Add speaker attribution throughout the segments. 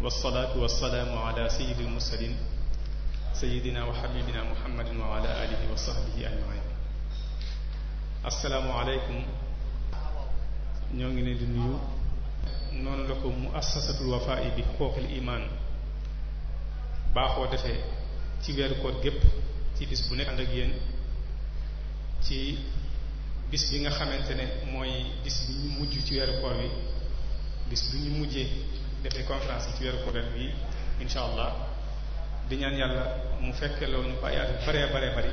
Speaker 1: wasalaatu wasalaamu mursalin sayyidina wa habibina muhammadin wa ala alihi wa sahbihi ajmain assalaamu aleykum ñoo ngi leen di nuyu noonu la ko muassasatul wafaa'i bi xooxil imaan baaxoo defee ci weeru koor gépp ci bis bu nekk ànd ak ci bis bi nga xamante ne mooy bis bi ñu mujj ci weeru koor wi bis bi ñu mujjee defee conférence yi ci weeru koren bi insha allah di ñaan yàlla mu fekke loolu ñu ko ayaat yu bare bare bari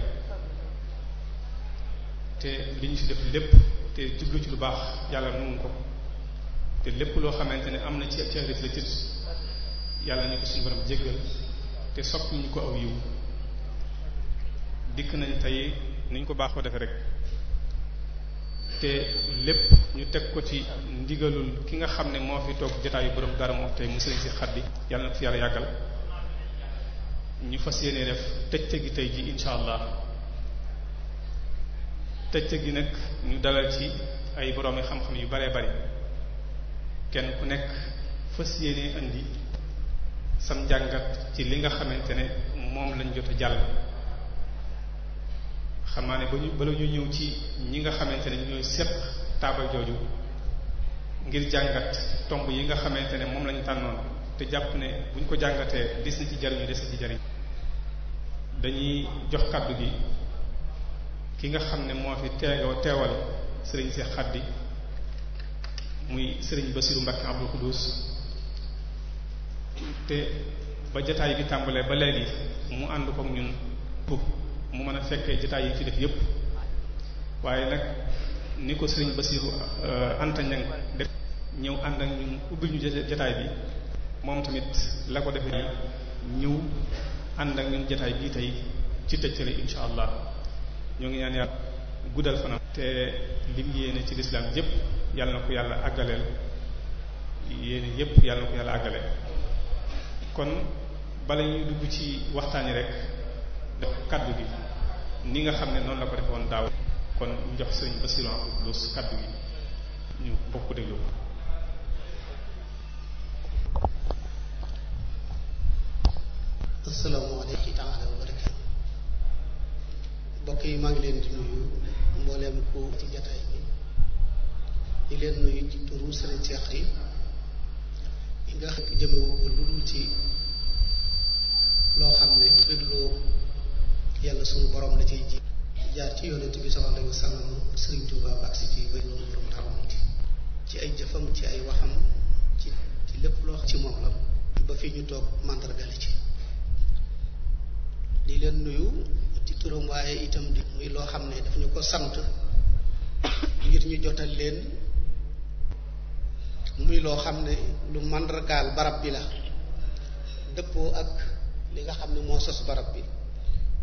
Speaker 1: te li ñu ci def lépp te jublu ci lu baax yàlla nungu ko te lépp loo xamante ne am na ci ci réfléchir yàlla ñu ko suñu borom jéggal te soppi ñu ko aw yiw dikk nañ tey ni ñu ko baax ko defee rek te lépp ñu teg ko ci ndigalul ki nga xam ne moo fi toog jotaayu borom dara moo tey mu sëriñ si xaddi yàlla na ko fi yàlla yàggal ñu fas yéene def tëjtë gi tey ji incha allah tëjtë gi nag ñu dalal ci ay boroomi xam-xam yu baree bari kenn ku nekk fas yéene indi sam njàngat ci li nga xamante ne moom lañ jot a jàll xam naa ne ba ñu bala ñu ñëw ci ñi nga xamante ne ñooy seq taabal jooju ngir jàngat tomb yi nga xamante ne moom lañu tànnoon te jàpp ne buñ ko jàngatee des na ci jariñu des na ci jariñ dañuy jox kàddu gi ki nga xam ne moo fi teegoo teewal sëriñ Seex Xaddi muy sëriñ Basiru Mbakke Abdul Xuduus te ba jataay bi tàmbalee ba léegi mu ànd kook ñun mu mën a fekkee jotaay yi ci def yépp waaye nag ni ko sëriñ Basiru euh, Anta Ñang def ñëw ànd ak ñun ubbi ñu jotaay bi moom tamit la ko defee ñëw ànd ak ñun jotaay bii tey ci tëccëri insha allah ñoo ngi ñaan yàlla guddal fanam te lim yéene ci lislaam yépp yàlla na ko yàlla àggaleel yéene yépp yàlla na ko yàlla àggaleel kon bala ñuy dugg ci waxtaani rek kàddu bi ni nga xam ne noonu la ko defoon daaw kon jox sëriñ Bassirou Abdou Khoudoss kaddu yi ñu bokk déglu ko asalaamaaleykum taala wa barakaatu
Speaker 2: mbokk yi maa ngi leen di nuyu mbooleem ku ci jataay bi di leen nuyu ci turu sëriñ Seex yi yi nga xam jëmewu ko lu dul ci loo xam ne dégloo yàlla sunu borom la cay ji jaar ci yonent bi sallallahu alayhi wa ci bay noonu borom xamanti ci ay jëfam ci ay waxam ci ci lépp loo xam ci moom la ba fi ñu toog màndargale ci di leen nuyu ci turam waaye itam di muy loo xam ne daf ñu ko sant ngir ñu jotal leen muy loo xam ne lu màndargaal barab bi la dëppoo ak li nga xam ne moo sos barab bi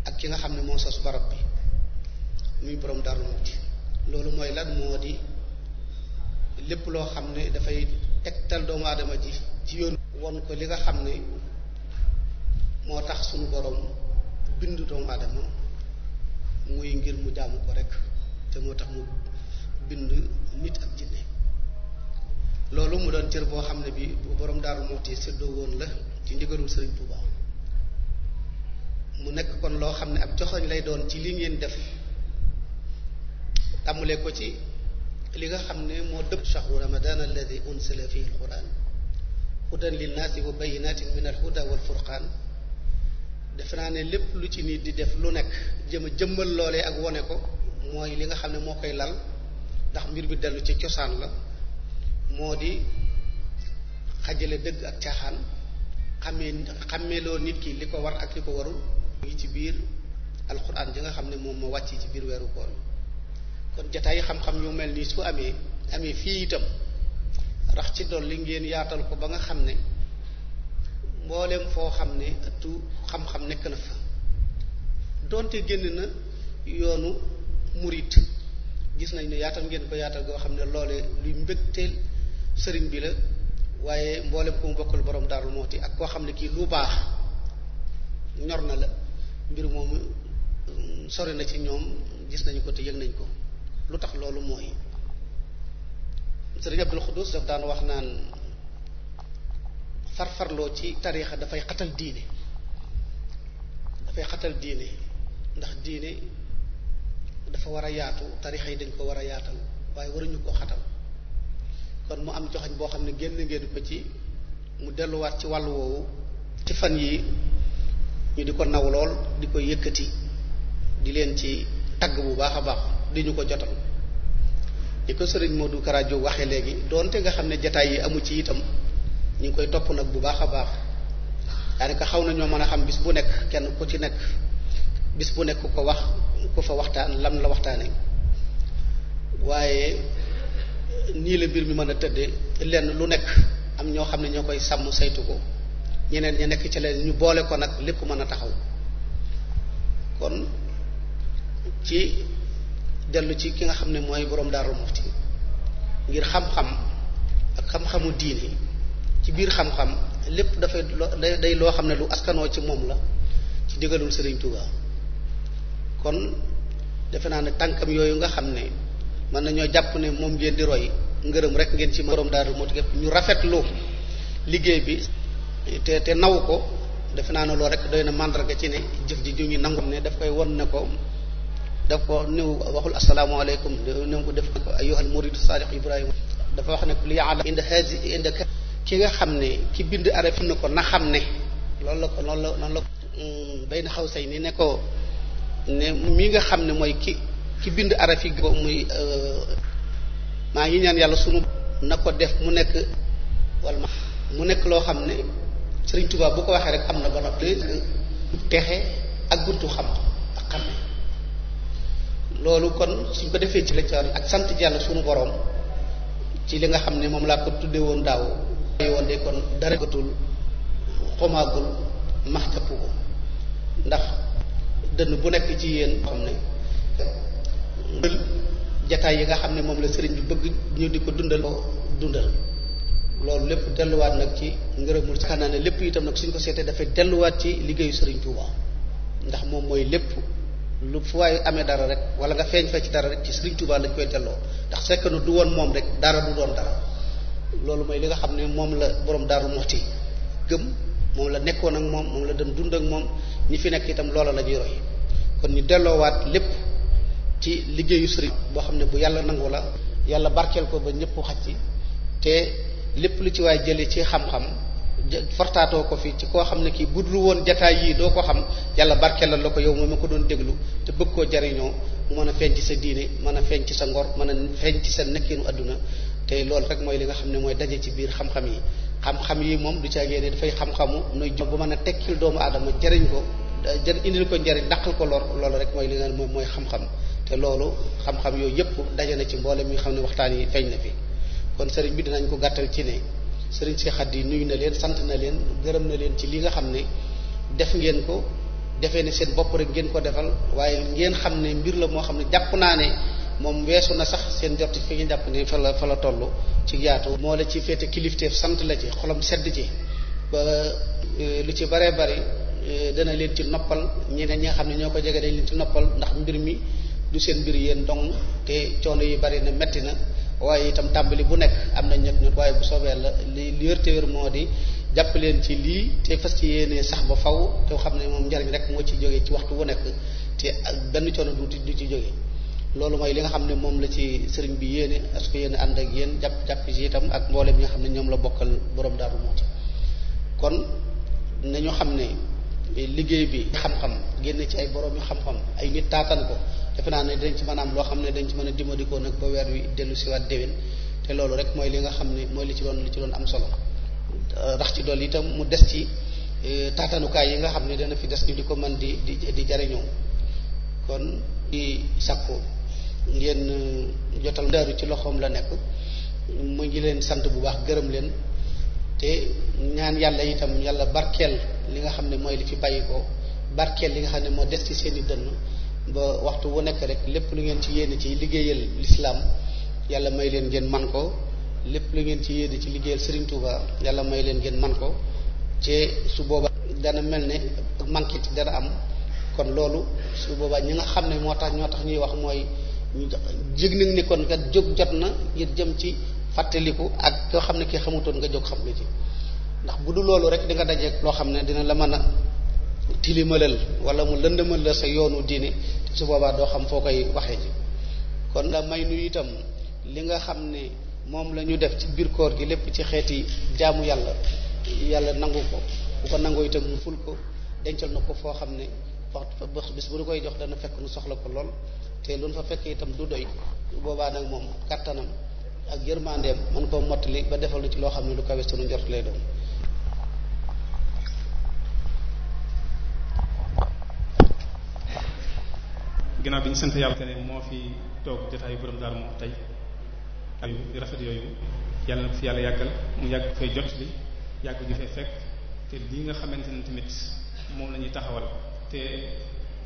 Speaker 2: ak ki nga xam ne moo sos barab bi muy borom Darou Moukhty loolu mooy lan moo di lépp loo xam ne dafay tegtal doomu aadama ji ci yoon won ko li nga xam ne moo tax suñu borom bindu doomu aadama muy ngir mu jaamu ko rek te moo tax mu bind nit ak jinne loolu mu doon cër boo xam ne bi borom Darou Moukhty séddoo woon la ci ndigalul Sëriñ Tuubaa mu nekk kon loo xam ne ab joxoñ lay doon ci li ngeen def tàmmulee ko ci li nga xam ne moo dëpp fii ramadan alladi unsila fihi alquran hudan linnaasi wa bayinatin min alhuda wal furqaan def naa ne lépp lu ci nit di def lu nekk jëm a jëmmal loolee ak wone ko mooy li nga xam ne moo koy lal ndax mbir bi dellu ci cosaan la moo di xajale dëgg ak caaxaan xamee xàmmeeloo nit ki li ko war ak li ko warul yi ci biir alxuraan ji nga xam ne moom moo wàcc ci biir weeru koor kon jataay xam-xam yu mel nii su amee amee fii itam rax ci li ngeen yaatal ko ba nga xam ne mbooleem foo xam ne tu xam-xam nekk na fa donte génn na yoonu murit gis nañ ne yaatal ngeen ko yaatal goo xam ne loole luy mbégteel sëriñ bi la waaye mboolem ku mu bokkal borom daaru mooti ak koo xam ne kii lu baax ñor na la mbir moomu um, sori na ci ñoom gis nañu ko te yëg nañ ko lu tax loolu mooy sëriñ Abdul Xudus daf daan wax naan farfarloo ci tariixa dafay xatal diine dafay xatal diine ndax diine dafa war a yaatu tariixa yi dañ ko war a yaatal waaye waruñu ko xatal kon mu am joxañ boo xam ne génn ngeen ko ci mu delluwaat ci wàll woowu ci fan yi ñu di ko naw lool di ko yëkkati di leen ci tagg bu baax a baax di ñu ko jotal ni ko sëriñ Modou Karajo waxee léegi donte nga xam ne jataay yi amu ci itam ñu ngi koy topp nag bu baax a baax daanaka xaw na ñoo mën a xam bis bu nekk kenn ku ci nekk bis bu nekk ko wax ku fa waxtaan lam la waxtaanee waaye nii la mbir mi mën a tëdde lenn lu nekk am ñoo xam ne ñoo koy sàmm saytu ko ñeneen ñi nekk ci leen ñu boole ko nag lépp mën a taxaw kon ci dellu ci ki nga xam ne mooy boroom Daaru Muxti ngir xam-xam ak xam-xamu diine ci biir xam-xam lépp dafay day loo xam ne lu askanoo ci moom la ci digalul Sëriñ Tuubaa kon defe naa ne tànkam yooyu nga xam ne mën nañoo jàpp ne moom ngeen di roy ngërëm rek ngeen ci boroom Daaru Muxti gépp ñu rafetlu liggéey bi te te naw ko defe naa ne loolu rek doy na màndarga ci ne jëf ji ju ñu nangu ne daf koy won ne ko daf ko néew waxul asalaamaaleykum néew ko def ko ayyuhal muridu saalih Ibrahima dafa wax ne li yàlla indi ki nga xam ne ki bind araf na ko na xam ne loolu la ko noonu la noonu mm, bay na xaw say ni ne ko ne mi nga xam ne mooy ki ki bind araf yi ko muy euh, maa ngi ñaan yàlla sunu na ko def mu nekk wala ma mu nekk loo xam ne Sëriñ Tuubaa bu ko waxee rek am na ba noppi texe ak buntu xam ak xam loolu kon suñ ko defee ci lecture ak sant jàll suñu boroom ci li nga xam ne moom laa ko tuddee woon daaw woon de kon dara gatul ndax dënn bu nekk ci yéen xam ne yi nga xam ne moom la sëriñ bi bëgg ñu di ko dundal ko dundal loolu lépp delluwaat nag ci ngërëmul sax naa ne lépp itam nag suñ ko seetee dafay delluwaat ci liggéeyu Sëriñ Tuuba ndax moom mooy lépp lu fu waaye amee dara rek wala nga feeñ fee ci dara rek ci Sëriñ Tuuba lañ koy delloo ndax fekk na du woon moom rek dara du doon dara loolu mooy li nga xam ne moom la borom Daaru Muxti gëm moom la nekkoon ak moom moom la dem dund ak moom ñi fi nekk itam loola la ñuy roy kon ñu delloowaat lépp ci liggéeyu sëriñ boo xam ne bu yàlla nangu la yàlla barkeel ko ba ñëpp xaj ci lépp lu ci waay jële ci xam-xam fortaatoo ko fi ci koo xam ne kii budul woon jataay yii doo ko xam yàlla barkeelal la ko yow moom ma ko doon déglu te bëgg koo jariñoo mu mën a feeñ sa diine mën a feeñ ci sa ngor mën a feeñ ci sa nekkinu àdduna te loolu mooy li nga xam ne mooy daje ci biir xam-xam yi xam-xam yi moom du ci caa génne dafay xam-xamu nuy bu mën a tekkil doomu aadama jariñ ko jë indil ko njariñ dàqal ko lor loolu rek mooy li nga mooy xam-xam te loolu xam-xam yooyu yëpp daje na ci mboole yi xam ne waxtaan yi feeñ na fi kon sëriñ bi dinañ ko gàttal ci ne sëriñ si yi nuyu na leen sant na leen gërëm na leen ci li nga xam ne def ngeen ko defee ne seen bopp rek ngeen ko defal waaye ngeen xam ne mbir la moo xam ne jàpp naa ne moom weesu na sax seen jot fi nga jàpp ne fa la fa la toll ci yaatu. moo la ci féete kilifteef sant la ci xolam sedd ci ba e, lu ci baree bari e, dana leen ci noppal ñeneen ñi nga xam ne ñoo ko jege dañ leen ci noppal ndax mbir mi du seen mbir yéen dong te coono yi bari na metti na. waaye itam tàmbali bu nekk am nañ nag ñun waaye bu soobee la li li wér wér moo di jàpp leen ci lii te fas ci yéenee sax ba faw te xam ne moom njariñ rek moo ci jógee ci waxtu bu nekk te benn coono du du ci jógee loolu mooy li nga xam ne moom la ci sëriñ bi yéene as ko yéene ànd ak yéen jàpp jàpp ci itam ak mboolem ñi nga xam ne ñoom la bokkal borom daaru moo ci kon nañu xam ne liggéey bi xam-xam génn ci ay borom yu xam-xam ay nit taatan ko defe naa ne dañ ci maanaam loo xam ne dañ ci mën a dimandikoo nag ba weer wi dellu siwaat déwén te loolu rek mooy li nga xam ne mooy li ci doon li am solo rax ci dool itam mu des ci eh, taatanukaay yi nga xam ne dana fi des ñu di ko mën di di di jariñoo kon di ngeen eh, jotal daaru ci loxoom la nekk mu ngi leen sant bu baax gërëm leen te ñaan yàlla itam yàlla barkeel li nga xam ne mooy li fi bàyyi barkeel li nga xam ne moo des ci seen i dënn ba waxtu wu nekk rek lépp lu ngeen ci yéene ci liggéeyal lislaam yàlla may leen ngeen man ko lépp lu ngeen ci yéene ci liggéeyal Serigne Touba yàlla may leen ngeen man ko ci su booba dana mel ne manqué ci dana am kon loolu su boobaa ñi nga xam ne moo tax ñoo tax ñuy wax mooy jég nañ ni kon nga jóg jot na ngir jëm ci fàttaliku ak koo xam ne kii xamutoon nga jóg xam ne ci ndax bu du loolu rek di nga loo xam ne dina la mën a tilimalal wala mu lëndëmal la sa yoonu diine su boobaa doo xam foo koy waxee ji kon nga may nu itam li nga xam ne moom la ñu def ci biir koor gi lépp ci xeeti jaamu yàlla yàlla nangu ko bu ko nangoo itam mu ful ko dencal na ko foo xam ne waxtu bis bu nu koy jox dana fekk nu soxla ko lool te lu nu fa fekkee itam du doy boobaa nag moom kattanam ak yërmandeem mën koo mottali ba defal lu ci loo xam ne lu kawe sunu njort lay doon
Speaker 1: ginnaaw bi ñu sant yàlla ne moo fi toog jotaayu borom daal moo tey ak yu rafet yooyu yàlla na ko fi yàlla yàggal mu yàgg fay jot li yàgg ju fay fekk te lii nga xamante ni tamit moom la ñuy taxawal te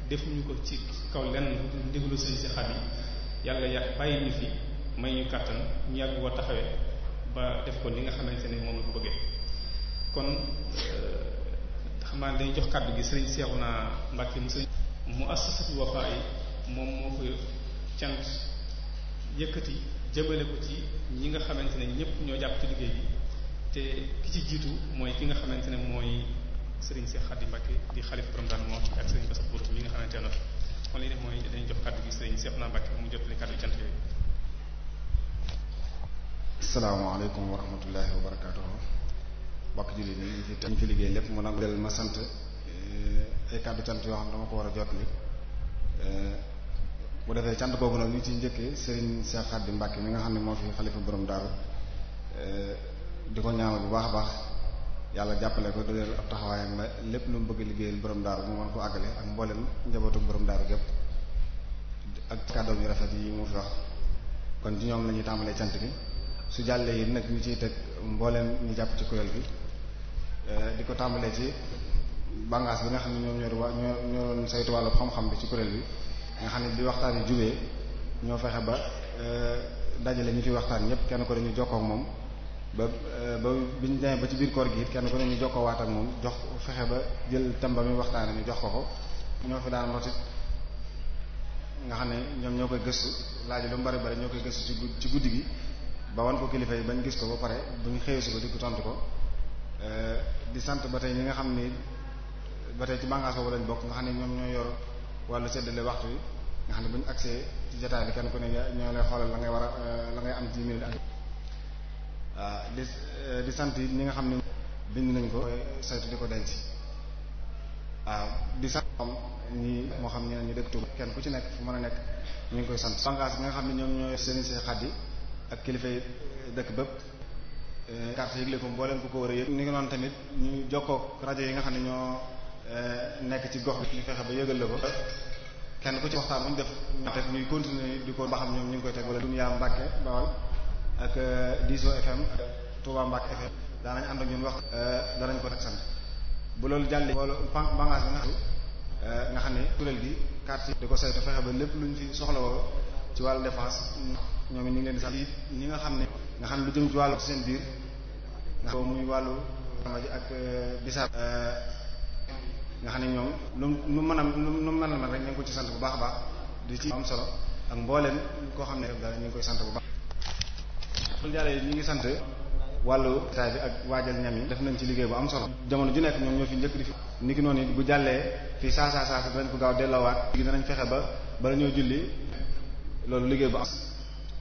Speaker 1: defuñu ko ci kaw lenn ndigalu sëñ si xat fi may kàttan ñu yàgg woo taxawee ba def ko li nga xamante ne moom la ko bëggee kon euh, xam dañuy jox kàddu gi sëriñ Seexuna Mbàkke mu sëriñ mu assasatu Wafa yi moom moo koy cant yëkkati jëmale ko ci ñi nga xamante ne ñépp ñoo jàpp ci liggéey bi te ki ci jiitu mooy ki nga xamante ne mooy Serigne Cheikh Khady Mbacké di xalif borom daan moo ak Serigne Bass nga xamante ne kon mooy dañuy jox kàddu gi Serigne Cheikh mu jotali kàddu cant yooyu.
Speaker 3: salaamaaleykum wa rahmatullahi wa barakaatuh mbokk jullit ñi fi tam fi liggéey lépp mu nangu del ma sant eh, ay kàddu cant yoo xam dama ko war a jot li eh, bu defee cant googu nag ñu ci njëkkee seen Cheikh Khadim Mbacke mi nga xam ne moo fi xalifa borom daaru eh, di ko ñaanal bu baax a baax yàlla jàppale ko dooleel ab taxawaayam ba lépp lu mu bëgg liggéeyal borom daaru mu mën ko àggale ak mboolem njabootu borom daaru gépp ak kàddoom yu rafet yi mu fi wax kon ci ñoom la ñuy tàmbalee cant bi su jàllee yi nag ñu ciy teg mbooleem ñu jàpp ci kuréel gi eh, di ko tàmbalee ci bàngaas bi nga xam ne ñoom ñoo ñoo ñoo saytu wàllu xam ci kuréel bi nga xam ne bi waxtaan yi jubee ñoo fexe ba euh, dajale ñu fi waxtaan ñëpp kenn ko dañu jokkoo ak moom ba euh, ba bi ñu demee ba ci biir koor gi kenn ko dañu jokkoo waat ak moom jox fexe ba jël thème ba muy jox ko ko ñoo fi daan rotit nga xam ne ñoom ñoo koy gëstu laaj lu mu bari bari ñoo koy gëstu ci ci guddi gi ba wan ko kilifa yi bañ gis ko ba pare bu ñu xëyee suba di ko tontu euh, di sant ba tey ñi nga xam ni ba tey ci bànqaas boobu lañ bokk nga xam ne ñoom ñoo yor wàllu séddale waxtu yi nga xam ne bu ñu agsee ci jotaay bi kenn ku ne ñoo lay xoolal la ngay war a la ngay am ci minute ah, di di sant ñi nga xam ne bind nañ ko saytu di ko denc waaw ah, di sant ñi moo xam ñeneen ñu dëkk kenn ku ci nekk fu mën a nekk ñu ngi koy sant bangaas bi nga xam ne ñoom ñoo seen see xat yi ak kilifa yi dëkk bépp eh, carte yëgle ko mbooleem ku ko war a yëg ni noonu tamit ñu jokkook rajo yi nga xam ne ñoo ci gox bi fexe ba yëgal la ko kenn ku ci waxtaan bu ñu def ña teg ñuy continuer di ko ba xam ñoom ñu ngi koy teg wala Dunya Mbàkke ak euh, Diso FM ak Touba Mbàkke FM daanañ ànd ak ñun euh, danañ ko teg sant bu loolu jàllee boolu bangaas bi euh, nga xam ne kuréel gi quartier di ko saytu fexe ba lépp luñ fi soxlawoo ci wàllu défense ñoom it ñu ngi leen di sant ñi nga xam ne nga xam ne lu jëm ci wàllu seen biir nga muy wàllu amaji ak bisaab nga xam ne ñoom lu nu mën a nu mën a man rek ñu ngi ko ci sant bu baax a baax di ci am solo ak mbooleem koo xam ne daal ñu ngi koy sant bu baax ful jàlle ñu ngi sant wàllu taay bi ak waajal ñam yi def nañ ci liggéey bu am solo jamono ji nekk ñoom ñoo fi njëkk di fi niki noonu it bu jàllee fii saa saa saa danañ ko gaaw delloowaat danañ fexe ba bala ñoo julli loolu liggéey bu am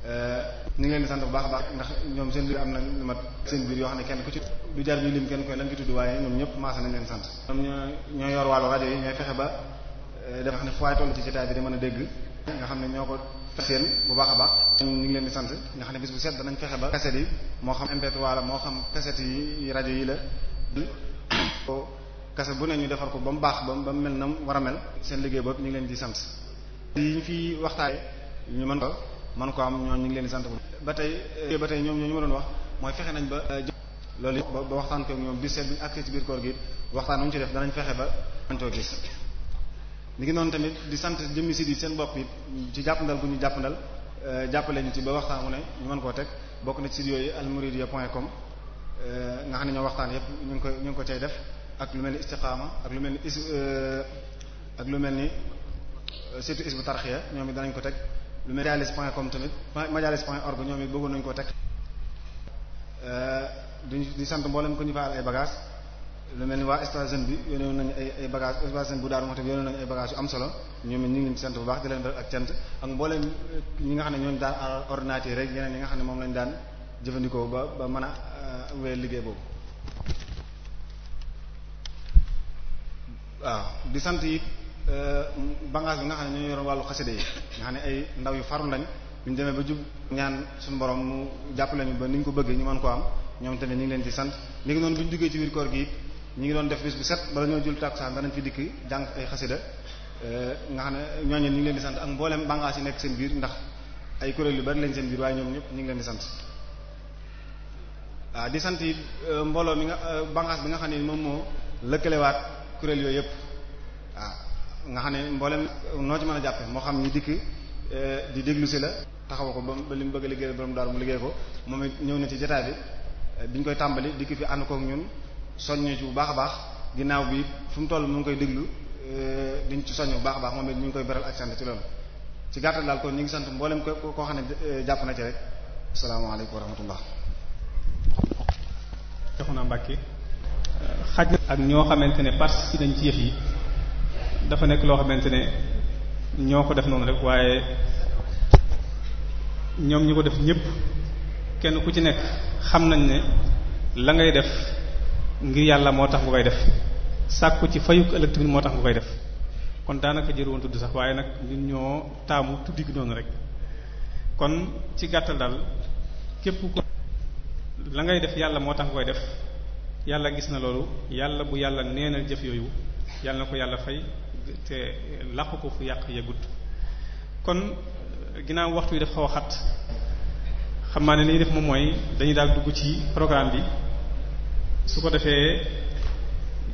Speaker 3: Euh, ñu ngi leen di sant bu baax a baax ndax ñoom seen biir am na lu ne kenn ku ci du jar ñu lim kenn koy lan ki tudd waaye euh, bi di mën a dégg nga xam ne ñoo ko bu baax a baax ngi leen di sant nga xam ne bis bu set danañ fexe ba cassette yi moo xam MP3 la moo xam cassette yi la ko cassette bu ne ñu defar ko ba mu baax ba mel na war a mel seen liggéey boobu ñu ngi leen di sant yi ñu fi waxtaay ñu mën ko man ko am ñoo ñu ngi leen di sant ba tey eh, ba tey ñoom ñoo ñu ma doon wax mooy fexe nañ ba eh, loolu ba waxtaan koog ñoom di seet bi ñu accès ci biir koor waxtaan waxtaan mu ci def danañ fexe ba antoo gis ñu ngi noonu tamit di sant jëmmi si seen bopp it ci jàppandal gu ñu jàppandal eh, jàppale ñu ci ba waxtaan wu ne ñu mën koo teg bokk na ci site yooyu almouridia point com nga xam ne ñoo waxtaan yépp ñu ngi ko ñu ngi ko cay def ak lu mel ni istiqaama ak lu mel ni is ak lu mel ni surtout isbu tarxiya ñoom it danañ ko teg lu mel Madialis point com tamit Madialis point org ñoom it bëggoon nañu koo teg euh, duñu di sant mboolem ku ñu faal ay bagages lu mel ni waa Station bi yónnee nañu ay ay bagages Station bu Darou Moukhty yónnee nañu ay bagages yu am solo ñoom it ñu ngi leen sant bu baax di leen ak cant ak mboolem euh, ñi nga xam ne ñooñu daan ordinateur rek yeneen yi nga xam ne moom lañu daan jëfandikoo ba ba mën a euh, wéyal liggéey boobu. waaw di sant it. Euh, bangaas bi nga xam ne ñoo yoroon wàllu xasida yi nga ne ay ndaw yu faru lañ bu demee ba jub ñaan suñu borom mu jàppale ñu ba ni ko bëggee ñu mën ko am ñoom tamit ñu ngi leen ci sant li ngi bu ñu duggee ci biir koor gi ñu ngi doon def bis bu set bala ñoo jul tàkkusaan danañ dikk jàng ay xasida euh, nga xam ne ñooñu ñu ngi leen di sant ak mboolem bangaas yi nekk seen biir ndax ay kuréel yu bari lañ seen biir waaye ñoom ñëpp ñu ngi leen di sant waaw di sant euh, mbooloo mi nga bangaas bi nga xam ne moom moo lëkkalewaat kuréel yooyu yëpp nga xam ne mboolem noo ci mën a jàppe moo xam ñu dikk eh, di déglu si la taxaw ko ba li mu bëgg a liggéeyal borom daaru mu liggéey ko moom it ñëw na ci jotaay bi eh, bi ñu koy tàmbali dikk fi ànd kook ñun soññu ci bu baax a baax ginnaaw bi fu toll mu ngi koy déglu eh, diñ ci soññ bu baax a baax moom it ñu ngi koy beral ak sant ci loolu ci gàttal daal kon ñu ngi sant mboolem ko koo xam ne jàpp na ci rek asalaamaaleykum wa rahmatullah
Speaker 1: joxu naa Mbàkke xaj na ak ñoo xamante ne participe nañ ci yëf yi dafa nekk loo xamante ne ñoo ko def noonu rek waaye ñoom ñi ko def ñépp kenn ku ci nekk xam nañ ne la ngay def ngir yàlla moo tax nga koy def sàkku ci fayuk ëllëg moo tax nga koy def kon daanaka jëroon tudd sax waaye nag ñun ñoo taamu tuddi gi noonu rek kon ci gàttal daal képp ko la ngay def yàlla moo tax nga koy def yàlla gis na loolu yàlla bu yàlla nee na jëf yooyu yàlla na ko yàlla fay te làqu ko fu yàq yegut kon ginnaaw waxtu yi daf xaw a xat xam naa ne li def moom mooy dañuy daal dugg ci programme bi su ko defee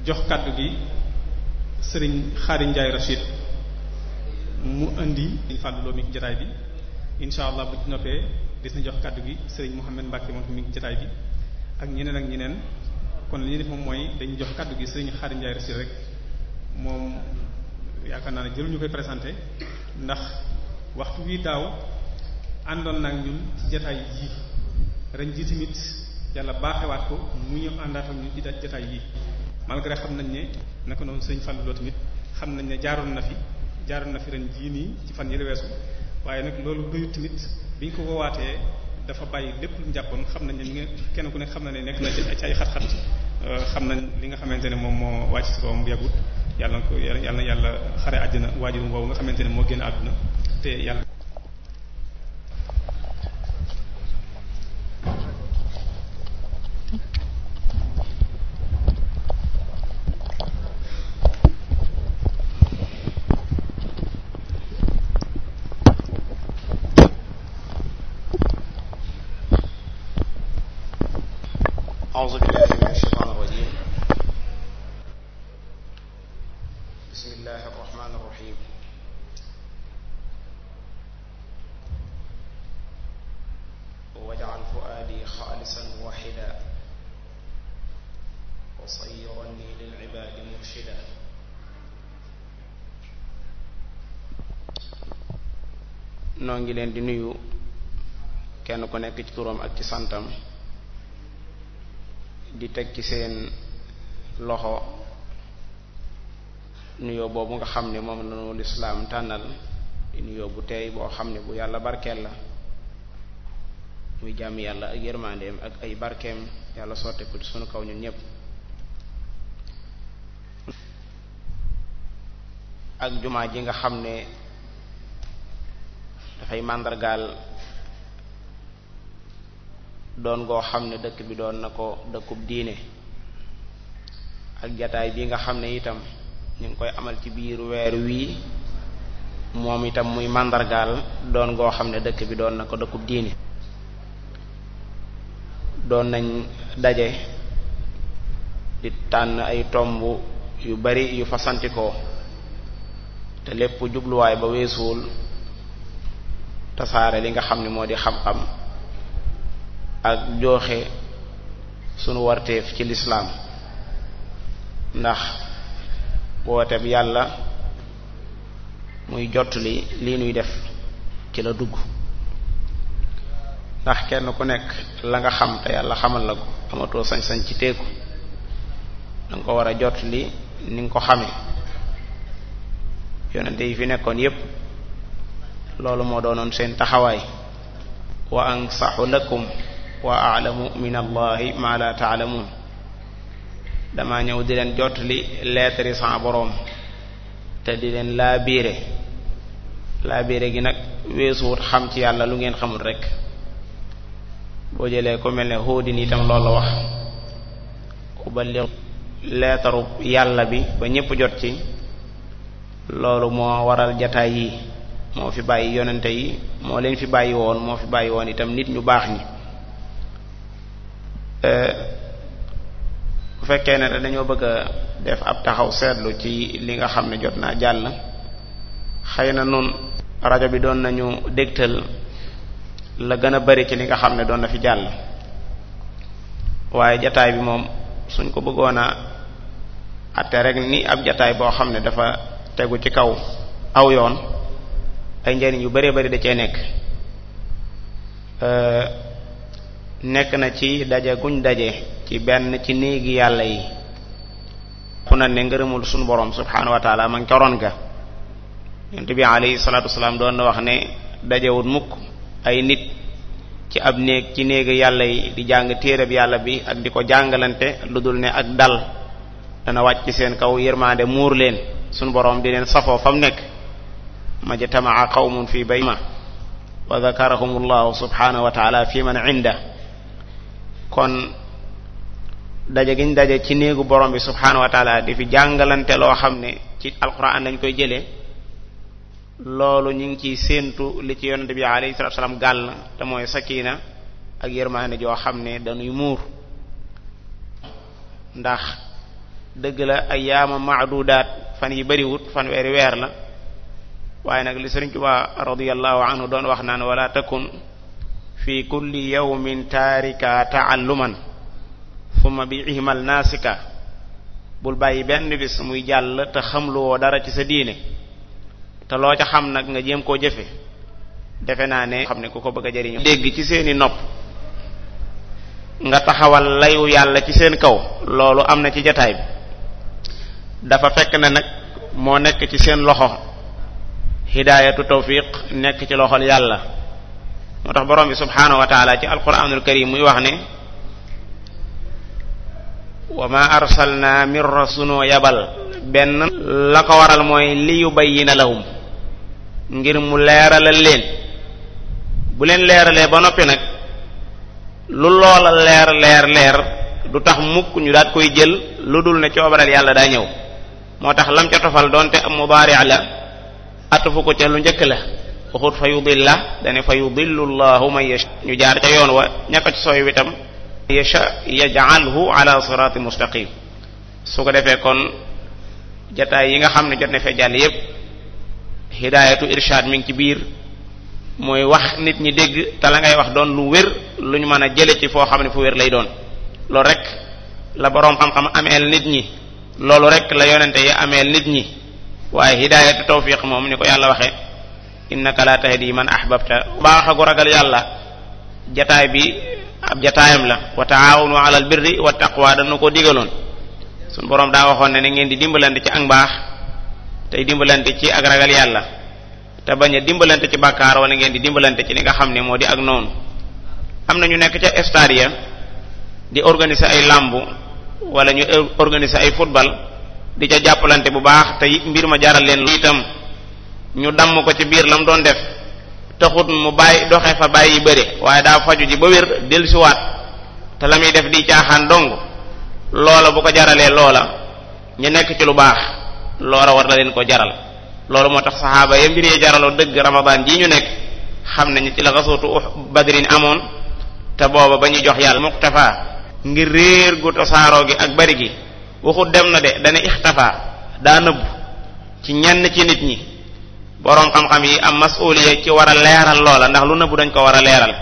Speaker 1: jox kàddu gi sëriñ Xaari Njaay mu indi liñ fàlluloo mi ngi jataay bi incha allah bu ci noppee des jox kàddu gi sëriñ Mouhamed Mbacke moom mi ngi jataay bi ak ñeneen ak ñeneen kon li ñuy def moom mooy dañu jox kàddu gi sëriñ Xaari Njaay Rachid rek moom yaakaar naa ne jël koy présenté ndax waxtu wi daaw àndoon nag ñun ci jataay yi ren ji yàlla baaxewaat ko mu ñëw àndaatam ñu ci jataay yi malgré xam nañ ne naka noonu sëñ Fallou tamit xam nañ ne jaaroon na fi jaaroon na fi ren jii nii ci fan yële weesu waaye nag loolu doyut tamit biñ ko woowaatee dafa bàyyi lépp lu njàppoon xam nañ ne kenn ku ne xam na ne nekk na ci ay xat-xat xam nañ li nga xamante ne moom moo wàcc si kawam yàggut yàlla na ko yàlla na yàlla xare àjjana waajurum woowu nga xamante ne moo génn àdduna te yàlla
Speaker 4: noo ngi leen di nuyu kenn ku nekk ci turam ak ci santam di teg ci seen loxo nuyoo boobu nga xam ne moom lañu lislaam tànnal di nuyoo bu teey boo xam ne bu yàlla barkeel la muy jàmm yàlla ak yërmandeem ak ay barkeem yàlla sotte ko ci sunu kaw ñun ñépp ak jumaa ji nga xam ne dafay màndargaal doon goo xam ne dëkk bi doon na ko dëkkub diine ak jataay bi nga xam ne itam ñu ngi koy amal ci biir weer wii moom itam muy màndargaal doon goo xam ne dëkk bi doon na ko dëkkub diine doon nañ daje di tànn ay tomb yu bari yu fasantikoo te lépp jubluwaay ba weesuwul tasaare li nga xam ne moo di xam-xam ak jooxe sunu warteef ci lislaam ndax wooteb yàlla muy jot li lii nuy def ci la dugg ndax kenn ku nekk la nga xam te yàlla xamal la ko amatoo sañ-sañ ci teeku danga ko war a jot li ni nga ko xamee yonente yi fi nekkoon yépp loolu moo doonoon seen taxawaay wa ansaxu lakum wa aalamu min allahi ma la taalamuun dama ñëw di leen jot li lettre sans boroom te di leen laa biire laa biire gi nag weesuwut xam ci yàlla lu ngeen xamul rek boo jëlee ko mel ne hóodin itam loolu wax uballi leetaru yàlla bi ba ñépp jot ci loolu moo waral jataay yi moo fi bàyyi yonente yi moo leen fi bàyyi woon moo fi bàyyi woon itam nit ñu baax ñi euh, bu fekkee ne dañoo bëgg a def ab taxaw seetlu ci li nga xam ne jot naa jàll xëy na nun rajo bi doon nañu dégtal la gën a bari ci li nga xam ne doon na fi jàll waaye jataay bi moom suñ ko bëggoon a atte rek ni ab jataay boo xam ne dafa tegu ci kaw aw yoon ay njariñ yu bëree bëri da cee nekk euh, nekk na ci daje guñ daje ci benn ci néegi yàlla yi ku na ne ngërëmul suñu borom subhaanahu wa ma ngi coroon ga yonent bi alayhi salaatu wasalaam doon na wax ne dajewut mukk ay nit ci ab néeg ci néegi yàlla yi di jàng téereb yàlla bi ak di ko jàngalante lu dul ne ak dal dana wàcc seen kaw yërmaande muur leen suñu boroom di leen safoo fam nekk majtamaca qawmun fi bayma wa dakarahum allahu subhanahu wa taala fi man inda kon daje giñ daje ci néegu borom bi subhanahu wa taala di fi jàngalante loo xam ne ci alquran lañ koy jële loolu ñu ngi ciy séentu li ci yonente bi alayhi salatu wasalam gàll te mooy sakina ak yërmaane joo xam ne dañuy muur ndax dëgg la ayaama maadudaat fan yi bariwut fan weeri weer la waaye nag li Sëriñ Tuubaa radiyallahu anhu doon wax naan walaa takun fi kulli yawmin taarika taalluman summa bi ihmal naasika bul bàyyi benn bis muy jàll te xamluwoo dara ci sa diine te loo ca xam nag nga jéem koo jëfe defe naa ne xam ne ku ko bëgg a jariñu dégg ci seeni nopp nga taxawal layu yàlla ci seen kaw loolu am na ci jataay bi dafa fekk na nag moo nekk ci seen loxo hidaayatu tawfiq nekk ci loxol yàlla moo tax borom bi subhaanahu wa ci alquranul karim muy wax ne wa ma arsalna min rasulun yabal benn la ko waral mooy li yubayyina lahum ngir mu leeralal leen bu leen leeralee ba noppi nag lu loola leer leer leer du tax mukk ñu daat koy jël lu dul ne coobaral yàlla daa ñëw moo tax lam ca tofal doonte am la atafu ko ca lu njëkk la waxut fa yudilla dane fa yudillu llahu man yasha ñu jaar ca yoon wa ñaka ci sooy witam yasha yaj'alhu ala sirati mustaqim su ko defee kon yi nga xam ne jot na fee jàll yépp hidaayatu irshad mi ngi ci biir mooy wax nit ñi dégg te la ngay wax doon lu wér lu ñu mën a jële ci foo xam ne fu wér lay doon loolu rek la boroom xam-xam ameel nit ñi loolu rek la yonente yi ameel nit ñi waaye hidaayatu tawfiq moom ni ko yàlla waxe innaka la tahdi man ahbabta baax a gu ragal yàlla jataay bi ab jataayam la wa taawunu ala al birri wa taqwa danu ko digaloon suñ boroom daa waxoon ne ne ngeen di dimbalante ci ak baax tey dimbalante ci ak ragal yàlla te bañ a dimbalante ci bàkkaar wala ngeen di dimbalante ci li nga xam ne moo di ak noonu am na ñu nekk ca stade ya di organiser ay làmb wala ñu organiser ay football di ca jàppalante bu baax te mbir ma jaral leen lu itam ñu damm ko ci biir la mu doon def taxut mu bàyyi doxe fa bàyyi bëre waaye daa faju ji ba wér dellusiwaat te la muy def di caaxaan dong loola bu ko jaralee loola ñu nekk ci lu baax loola war la leen ko jaral loolu moo tax saxaaba ya mbir yee jaraloo dëgg ramadaan ji ñu nekk xam nañu ci la xasootu badrin amoon te booba ba ñu jox yàlla muqtafa ngir réer gu tasaaroo gi ak bari gi waxut dem na de dana ixtafaa daa nëbbu ci ñenn ci nit ñi boroom xam-xam yi am masuliya ci war a leeral loola ndax lu nëbbu dañ ko war a leeral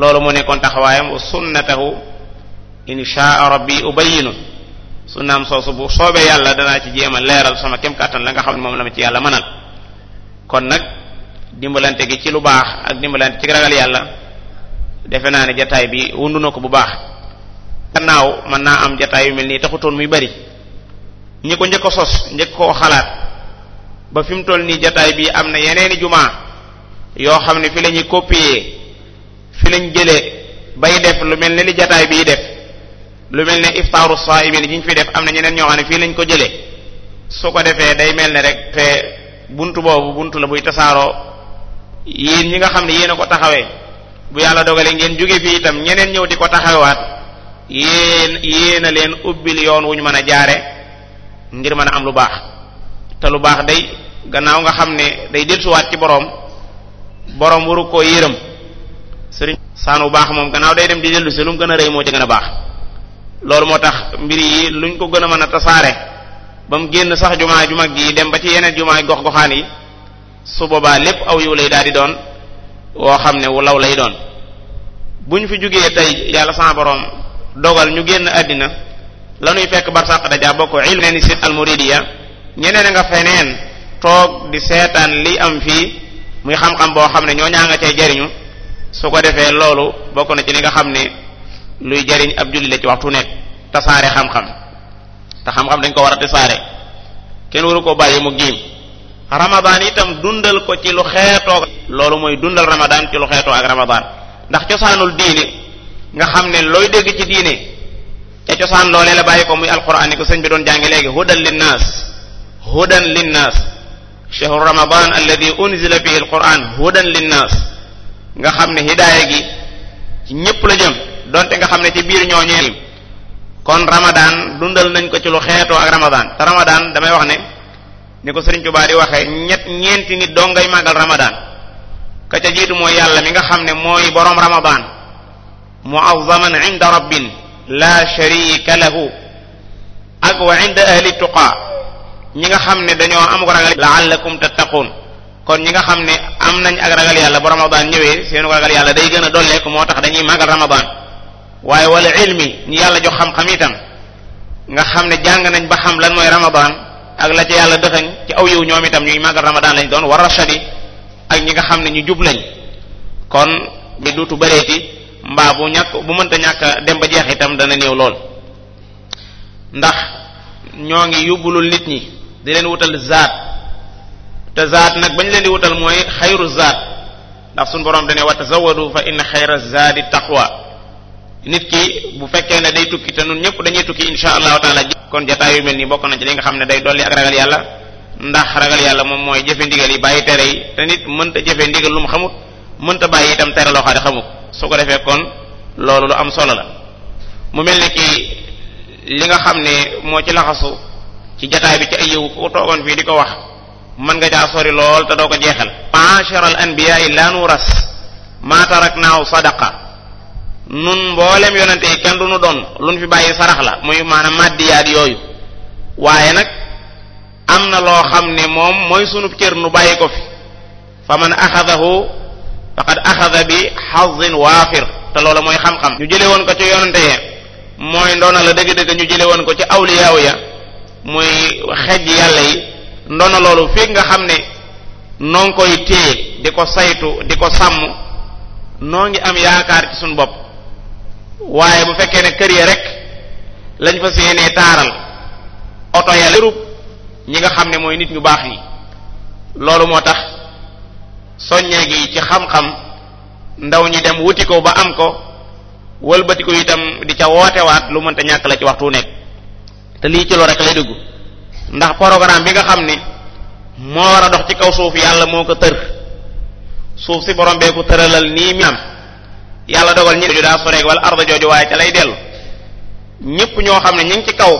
Speaker 4: loolu mu nekkoon taxawaayam wa sunnatahu inshaa rabbi ubayinu sunnaam soosu bu soobee yàlla danaa ci jéem a leeral sama kem kàttan la nga xam ne moom la ma ci yàlla mënal kon nag dimbalante gi ci lu baax ak dimbalante ci ragal yàlla defe naa ne jataay bi wundu ko bu baax gannaaw mën naa am jataay yu mel nii taxutoon muy bari ñi ko njëkk a sos njëkk koo xalaat ba fi mu toll nii jataay bii am na yeneeni jumaa yoo xam ne fi lañuy ñuy copier fi lañ jëlee bay def lu mel ni li jataay biy def lu mel ne iftaaru saa'imin ji ñu fi def am na ñeneen ñoo xam ne fii lañ ko jëlee su ko defee day mel ni rek te buntu boobu buntu la buy tasaaroo yéen ñi nga xam ne yéen ko taxawee bu yàlla dogalee ngeen jóge fii itam ñeneen ñëw di ko taxawewaat yéen na leen ubbil yoon wu ñu mën a jaare ngir mën a am lu baax te lu baax day gannaaw nga xam ne day dellusiwaat ci boroom boroom waru koo yërëm sëriñ saan bu baax moom gannaaw day dem di dellusi lu mu gën a rëy moo ci gën a baax loolu moo tax mbir yi luñ ko gën a mën a tasaare ba mu génn sax jumaa ju mag ji dem ba ci yeneen jumaa gox goxaan yi su boobaa lépp aw yiw lay daal di doon woo xam ne wu law lay doon bu ñu fi jógee tey yàlla sama boroom dogal ñu génn àddina lanuy fekk barsàq dajaa bokk ilm neen sit almuridiya ñeneen a nga feneen toog di seetaan li am fii muy xam-xam boo xam ne ñoo ñaa nga cay jariñu su ko defee loolu bokk na ci li nga xam ne luy jariñ ab julli la ci waxtu nekk tasaare xam-xam te xam-xam dañ ko war a tasaare kenn waru ko bàyyi mu giim ramadaan itam dundal ko ci lu xeetoo loolu mooy dundal ramadaan ci lu xeetoo ak ramadaan ndax cosaanul diini nga xam ne looy dégg ci diine ca cosaan loolee la bàyyi ko muy alquran ni ko sëñ bi doon jàngi léegi hudan linnaas hudan linnaas shahru ramadan alladi unzila fihi alquran hudan linnaas nga xam ne hidaaya gi ci ñépp la jëm donte nga xam ne ci biir ñooñeel kon ramadan dundal nañ ko ci lu xeetoo ak ramadan te ramadan damay wax ne ni ko sëriñ Tuubaa di waxee ñett ñeenti nit doo ngay màggal ramadan ka ca jiitu mooy yàlla mi nga xam ne mooy boroom ramadan muazzaman inda rabbin la sharika lahu ak wa nga xam ne dañoo am ko ragal la'allakum tattaqun kon ñi nga xam ne am nañ ak ragal yàlla bu ramadan ñëwee seenu ko ragal yàlla day gën a dolleeku moo tax dañuy màggal ramadan waaye wala ilmi ñi yàlla jox xam-xam tam nga xam ne jàng nañ ba xam lan mooy ramadan ak la ca yàlla dëxañ ci aw yiw ñoom itam ñuy màggal ramadan lañ doon war rashadi ak ñi nga xam ne ñu jub lañ kon bi duutu bëreeti mbaa bu ñàkk bu mënta ñàkk dem ba jeex itam dana néew lool ndax ñoo ngi yóbbulul nit ñi di leen wutal zaat te zaat nag bañ leen di wutal mooy xayru zaat ndax suñu borom dane wa tazawadu fa inna xayra zaadi taqwa nit ki bu fekkee ne day tukki te nun ñëpp dañuy tukki insha allahu taala kon jataay mel nii bokk na ci li nga xam ne day dolli ak ragal yàlla ndax ragal yàlla moom mooy jëfe ndigal yi bàyyi tere yi te nit mënta jëfe ndigal lu mu xamut mënta bàyyi itam tere loo xam ne xamu ko su ko defee kon loolu lu am solo la mu mel ni ki li nga xam ne moo ci laxasu ci jataay bi ci di ko wax mën nga caa sori lool te ko jeexal ma'ashara al anbiya'i la nuras ma taraknaahu sadaqa nun mboolem yonente yi kenn du doon luñ fi bàyyi sarax la muy maanaam maddiyaat yooyu waaye nag am na loo moom mooy sunub cër nu bàyyi ko fi fa man axadahu faqad axada bi xazin waafir te loolu mooy xam-xam ñu jële woon ko ci yonante ya mooy ndoona la dëgg-dëgg ñu jële woon ko ci awliyaaw ya muy xej yàlla yi ndoona loolu fekk nga xam ne noo ngi koy téye di ko saytu di ko sàmm noo ngi am yaakaar ci suñu bopp waaye bu fekkee ne kër ya rek lañ fa séenee taaral oto ya la ñi nga xam ne mooy nit ñu baax ñi loolu moo tax soññee gi ci xam-xam ndaw ñi dem wuti ko ba am ko wëlbati ko itam di ca wootewaat lu mënta ñàkk la ci waxtu nekk te lii ci lo rek lay dugg ndax programme bi nga xam ni moo war a dox ci kaw suuf yàlla moo ko tër suuf si borom bee ko tëralal nii am yàlla dogal ñi ju daa soreeg wala arda jooju waaye ca lay dellu ñépp ñoo xam ne ñu ngi ci kaw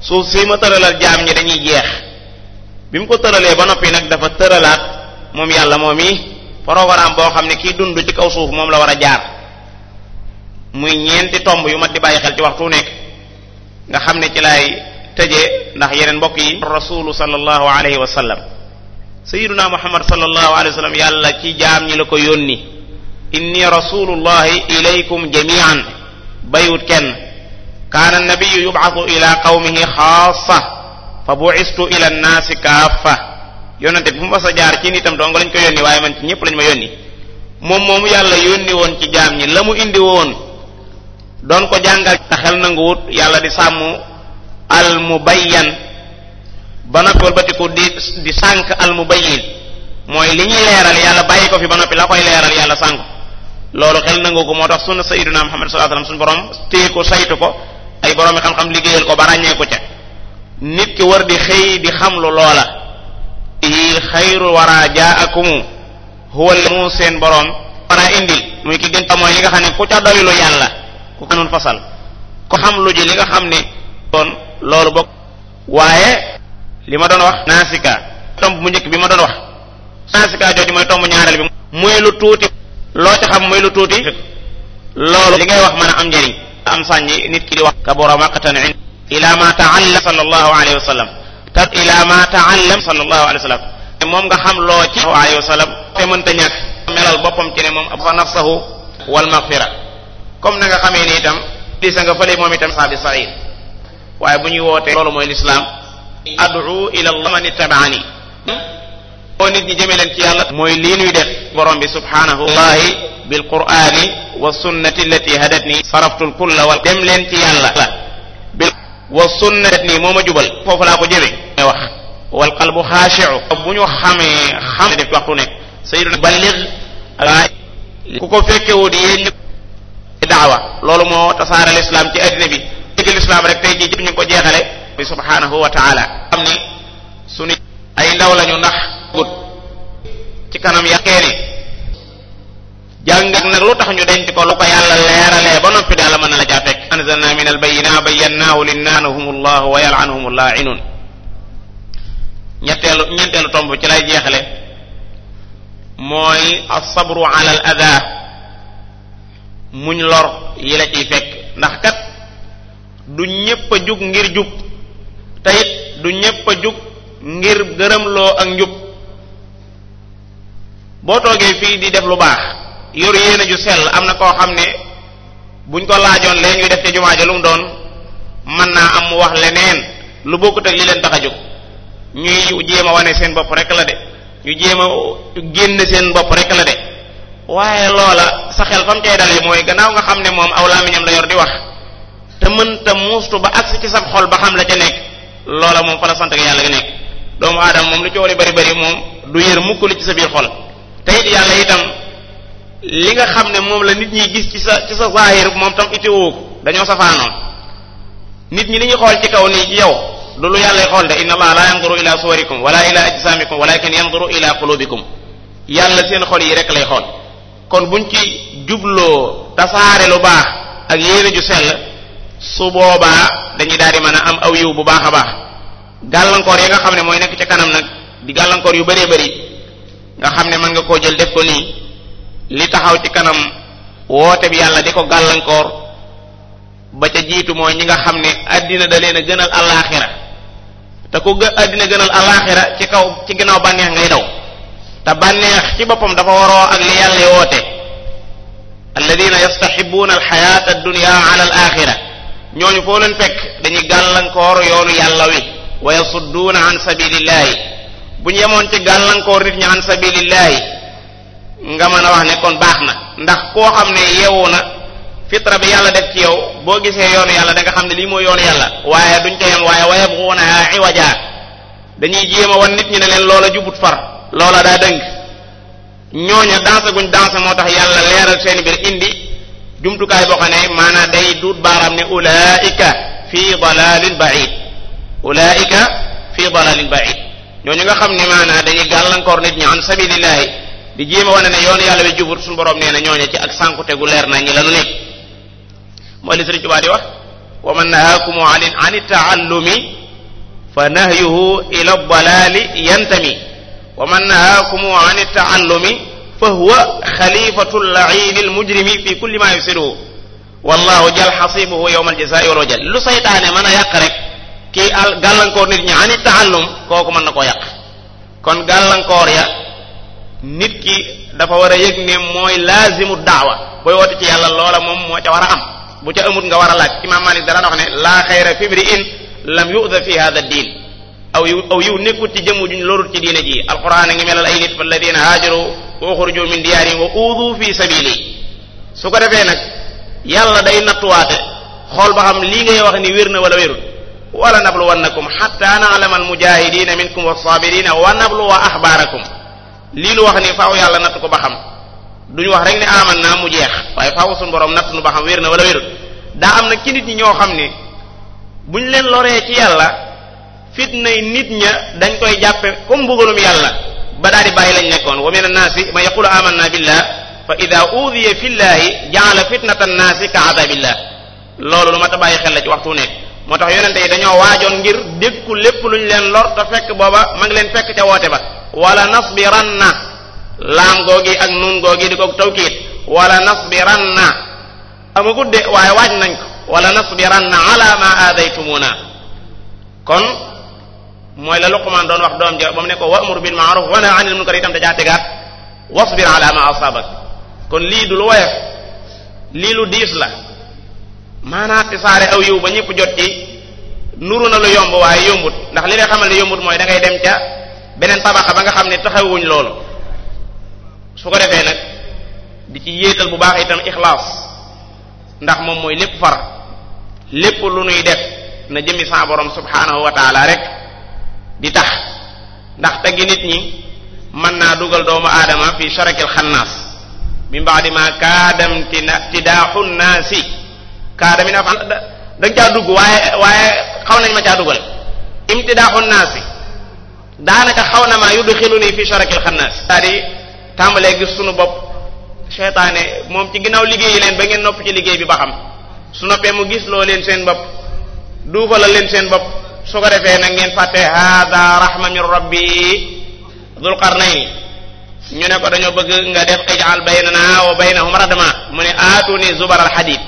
Speaker 4: suuf si ma tëralal jaam ñi dañuy jeex bi mu ko tëralee ba noppi nag dafa tëralaat moom yàlla moom yi programme boo xam ne kii dund ci kaw suuf moom la war jaar muy ñeenti tomb yu ma di bay xel ci waxtu nekk nga xam ne ci laay tëjee ndax yeneen mbokk yi rasulu sallallahu alayhi wa sallam sayyiduna muhammad sallallahu alayhi wa sallam yàlla ci jaam ñi la ko yónni inni rasulullahi ilaykum jamian bayut kenn kaana nabiyu yub'athu ila qawmihi xaasa fa bu'istu ila nnaasi kaaffa yonante bi mu mas a jaar ci nitam dong lañ ko yónni waaye man ci ñëpp lañ ma yónni moom moomu yàlla yónni woon ci jaam ñi la mu indi woon doon ko jàngal te xel nanguwut yàlla di sàmm al mubayyan ba noppi walbatiku di di sànq al mubayyin mooy li ñuy leeral yàlla bàyyi ko fi ba noppi la koy leeral yàlla sànq loolu xel nangu ko moo tax sunna sayyiduna Muhammad sallallahu alayhi wasallam borom téye ko saytu ko ay boroomi xam-xam liggéeyal ko ba ràññee ko ca nit ki war ihi xayru wara jaakum huwa mu seen borom wara indil muy ki gën ta li nga xam ne ku ca doylu yàlla ku ko noon fasal ko xam lu ji li nga xam ne doon loolu bokk waaye li ma doon wax naasika tomb mu njëkk bi ma doon wax naasika jooju mooy tomb ñaareel bi muy lu tuuti loo ca xam muy lu tuuti loolu li ngay wax man a am njëriñ am sànni nit ki di wax kabura maqtan ind ma taalla sallallahu alayhi wa sallam ta ila ma taallam sallallahu alayhi wa sallam moom nga xam loo ci alayhi wa sallam te mënta ñàkk melal boppam ci ne moom afa nafsahu wal maghfira comme na nga xamee ni itam di sa nga fële moom itam saabi said waaye bu ñuy wootee loolu mooy lislaam adu ila allah man ittabaani oo nit ñi jëme leen ci yàlla mooy lii nuy def borom bi subhanahu wallahi bil qur'ani wa sunnati allati hadatni saraftu al kulla wal dem leen ci yàlla wa sunnati moo ma jubal foofu laa ko jëme may wax wal qalbu xaashi'u bu ñu xamee xam def waxtu nekk sayyiduna balligh ku ko fekke wut yéen ñu daawa loolu moo tasaare lislaam ci addina bi ci lislaam rek tey su ñu ngi ko jeexale bi subhanahu su taala xam ni ay ndaw lañu ndax gut ci kanam yàqee ni jàng nag lu tax ñu denc ko lu ko yàlla leeralee ba noppi daal mën na la jàppee anzalna min mooy as-sabru al adaa muñ lor yi la ciy fekk ndax kat du ñépp jug ngir jub te du ñépp jug ngir gërëmloo ak njub boo toogee fii di def lu baax yor yéene ju sell am na koo xam ne bu buñ ko laajoon lee ñuy def ca jumaa lu mu doon mën naa am mu wax leneen lu bokkut ak li leen tax a jóg ñuy jéem a wane seen bopp rek la de ñu jéem a génn seen bopp rek la de waaye loola sa xel fam cay dalee mooy gannaaw nga xam ne moom aw làmmiñam la yor di wax te mënta muustu ba agsi ci sab xol ba xam la ca nekk loola moom fa la sant ak yàlla gi nekk doomu aadama moom lu coow li bari bari moom du yër mukk li ci sa biir xol te yàlla itam li nga xam ne moom la nit ñi gis ci sa ci sa zahir moom tam itewoo ko dañoo safaanoon nit ñi li ñuy xool ci kaw nii ci yow du lu yàlla xool de inna allaha la yanzuru ila suwarikum wala ila ajsamikum walakin yanzuru ila qulubikum yàlla seen xool yi rek lay xool kon buñ ci jubloo tasaare lu baax ak yéene ju sell su boobaa dañuy daal di mën a am aw yiw bu baax a baax gàllankoor yi nga xam ne mooy nekk ci kanam nag di gàllankoor yu bëree bëri nga xam ne mën nga koo jël def ko nii li taxaw ci kanam woote bi yàlla di ko gàllankoor ba ca jiitu mooy ñi nga xam ne àddina da leen a gënal alaaxira te ku gë àddina gënal alaaxira ci kaw ci ginnaaw bànneex ngay daw te bànneex ci boppam dafa waroo ak li yàlla woote alladina yastaxibuuna alxayaata addunya ala al axira ñooñu foo leen fekk dañuy gàllankoor yoonu yàlla wi wa yasudduuna an sabilillahi bu ñu yemoon ci gàllankoor nit ñi an sabilillahi nga man a wax ne kon baax na ndax koo xam ne yeewu na fitra bi yàlla def ci yow boo gisee yoonu yàlla da nga xam ne lii mooy yoonu yàlla waaye duñ ca yem waaye wayab xuuna iwaja dañuy jéema a wan nit ñi ne leen loola jubut far loola daa dëng ñooña danse guñ danse moo tax yàlla leeral seen biir indi jumtukaay boo xam ne maanaa day duut baaraam ne ulaika fi dalalin baid ulaika fi dalalin baid ñooñu nga xam ne maanaam dañuy gàllankoor nit ñi an sabilillahi di jéem a wane ne yoonu yàlla bi jubut suñu borom nee na ñooñu ci ak sànkute gu leer nañ ñi lanu ne mooy li Sëriñ Tuubaa di wax wa man nahaakum an an taallumi fa nahyuhu ila dalali yantami wa man nahaakum an taallumi fa huwa xalifatu laini almujrimi fi ma yusiruhu wallahu jal xasibuhu yowma aljazai wal wajal lu saytaane mën a yàq rek kii al gàllankoor nit ñi ani taallum kooku mën na koo yàq nit ki dafa war a yëg ne mooy laazimu daawa booy woote ci yàlla moom moo ca war a am bu ca amut nga war a laaj imaam Malik dara wax ne laa xayra fibri in lam yu'da fi hada diin aw yu aw yiw nekkut ci jëmm juñ loorut ci diine ji alquran a ngi melal ay nit fa alladina haajaru wa uxruju min diyaarihim wa uudu fi sabili su ko defee nag yàlla day nattuwaate xool ba xam lii ngay wax ni wér na wala wérul wala nabluwannakum xatta na'lama almujahidina minkum wasabirina wa nabluwa axbaarakum lii nu wax ni faaw yàlla natt ko ba xam duñu wax rek ne aman naa mu jeex waaye faaw suñu borom natt nu ba xam wér na wala wérul daa am na ci nit ñi ñoo xam ni buñ leen loree ci yàlla fitnay nit ña dañ koy jàppe comme mbugalum yàlla ba daal di bàyyi lañ nekkoon wa min annaasi man yaqulu amanna billah fa ida udiya fi llahi jaala fitnata annaasi ka adabillah loolu lu ma bàyyi xel na ci waxtu nekk moo tax yonente yi dañoo waajoon ngir dékku lépp luñ leen lor te fekk booba ma ngi leen fekk ca woote wala nasbiranna laam googi ak nuun googi di ko tawkiid wala nasbiranna ama gudde waaye waaj nañ ko wala nasbiranna ala ma aadaytumuna kon mooy la Luqmaan doon wax doom ja ba mu ne ko wa'mur bil ma'ruf wa nahy anil munkar itam dajaa tegaat wasbir ala ma asaabak kon lii du lu woyof lii lu diis la maanaam tisaare aw yiw ba ñëpp jot ci nuru na lu yomb waaye yëmbut ndax li lay xamal ne yombut mooy dangay dem ca beneen tabaxa ba nga xam ne taxawuñ loolu su ko defee nag di ci yéetal bu baax itam ixlaas ndax moom mooy lépp far lépp lu nuy def na jëmi sa borom subhaanahu wa taala rek di tax ndax taggi nit ñi mën naa dugal doomu aadama fi sharakil xannaas min ba'di ma kaadam tidaaxu naasi kaadami na fan da nga caa dugg waaye waaye xaw nañ ma caa dugal imtidaaxu naasi daanaka xaw na maa yuddu xilu nii fii sorakil xannaas c'est-à-dire sunu bopp seytaane moom ci ginnaaw liggéeyi leen ba ngeen noppi ci liggéey bi ba xam su noppee mu gis loo leen seen bopp duufalal leen seen bopp su ko defee nag ngeen fàtte hada rahma min rabbi dul qarnayn ñu ne ko dañoo bëgg nga def ijal baynana wa baynahum radma mu ne aatuni zubar al hadid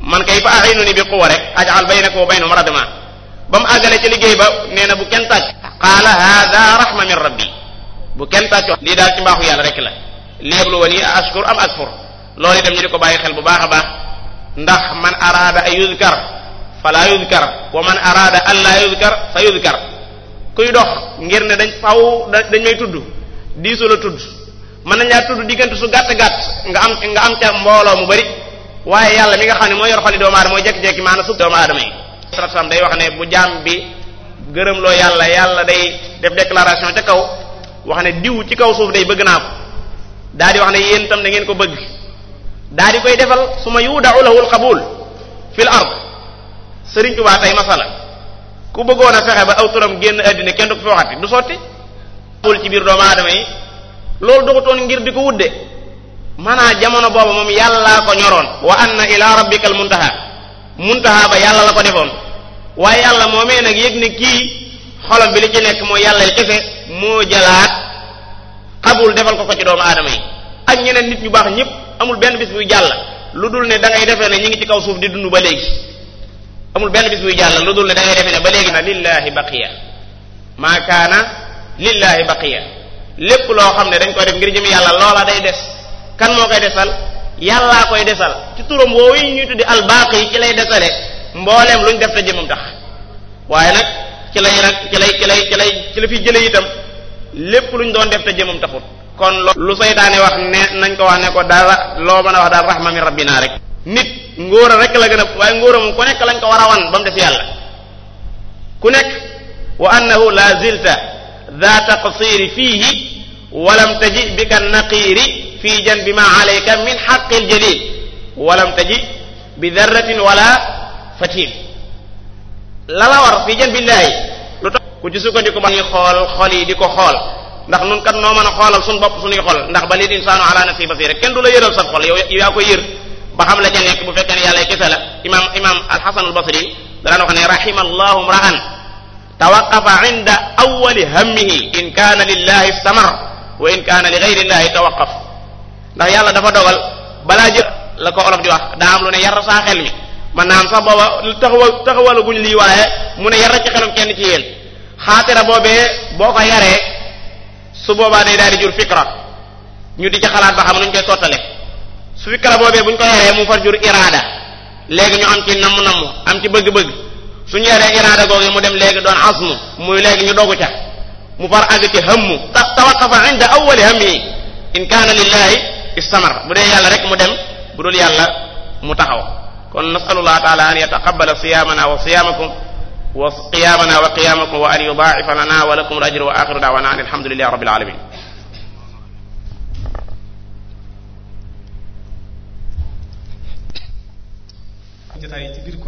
Speaker 4: man kay fa ahinu ni bi quwa rek ajal baynaka wa baynahum radma ba mu àggale ci liggéey ba nee na bu kenn qaala hada rahma min rabbi bu kenn tàcco lii daal ci mbaaxu yàlla rekk la léeblu wa nii a am ashkur loolu itam ñu di ko bàyyi xel bu baax a baax ndax man araada an yuzkar fala yuzkar wa man araada an la yuzkar fa yuzkar kuy dox ngir ne dañ faw dañ may tudd diisu la tudd mën nañ laa tudd diggante su gàtt gàtt nga am nga am ca mbooloo mu bari waaye yàlla mi nga xam ne mooy yor xoli doomu aadama mooy jekki-jekki maana sub doomu aadama yi sallallahu day wax ne bu jaam bi gërëm loo yàlla yàlla day def déclaration ca kaw wax ne diw ci kaw suuf day bëgg naa ko daa di wax ne yéen tam da ngeen ko bëgg dal di koy defal su ma yuudau lahul qabul fil ard Sëriñ Tuubaa tey masala ku bëggoon a fexe ba aw turam génn àddina kenn du ko fi du sotti bul ci biir doomu aadama yi loolu doxutoon ngir di ko wudde maanaa jamono booba moom yàllaa ko ñoroon wa anna ila rabbikal muntaha muntaha ba yàlla la ko defoon waaye yàlla moomee nag yëg ne kii xolam bi li ci nekk mooy yàllay kese moo jëlaat xabul defal ko ko ci doomu aadama yi ak ñeneen nit ñu baax ñëpp amul benn bis buy jàll lu dul ne da ngay defee ne ñu ngi ci kaw suuf di dund ba léegi amul benn bis buy jàll lu dul ne da ngay defee ne ba léegi na lillaahi baqiya maa kaana lillaahi baqiya lépp loo xam ne dañ koy def ngir jëm yàlla loola day des kan moo koy desal yàllaa koy desal ci turam woowu yi ñuy tuddi albaqi ci lay desale mboolem luñ def te jëmam tax waaye nag ci lay nag ci lay ci lay ci lay ci la fi itam lépp luñ doon def te jëmam taxut kon lu saytaane wax ne nañ ko wax ne ko dara loo mën a wax daal rahma min rabbina rek nit ngóora rek la gën a waaye ngóora moom ku lañ ko war a wan ba mu des yàlla ku nekk wa annahu la zilta daa taqsiri fiihi walam taji bika naqiiri fii janbi ma alayka min xaqil jalil walam taji bi darratin wala fatil la la war fi janbillaahi lu tax ku ci sukkandiku ba ñuy xool xol yi di ko xool ndax nun kat noo mën a xoolal suñ bopp suñuy xol ndax balil insaanu ala nafsihi basira kenn du la yëral sa xol yow yaa ko yër ba xam la ca nekk bu fekkee ne yàlla kese la imam imam alxasanul basri daan wax ne rahima allahu mraan tawaqafa inda awali hammihi in kaana lillahi istamar wa in kaana li gayrillahi tawaqaf ndax yàlla dafa dogal balaa jë la ko olof di wax daa am lu ne yar saa xel mi man naam sax booba taxawal taxawala guñ lii waaye mu ne yar na ci xelum kenn ci yéen xaatira boobee boo ko yaree su boobaa day daal di jur fikra ñu di ci xalaat ba xam nuñ koy sottale su fikra boobee buñ ko yaree mu far jur iraada léegi ñu am ci namm-namm am ci bëgg-bëgg suñu yaree iraada googu mu dem léegi doon asmu muy léegi ñu dogu ca mu far àgg ci hammu tawaqafa inda awwali hammi in kaana lillahi istamar bu dee yàlla rek mu dem bu dul mu taxaw kon nasalullah taala an yataqabala siyamana wa siyamakum wa qiyamana wa qiyamakum wa an yudaa'ifa lana wa lakum al-ajr wa axiru da'wana an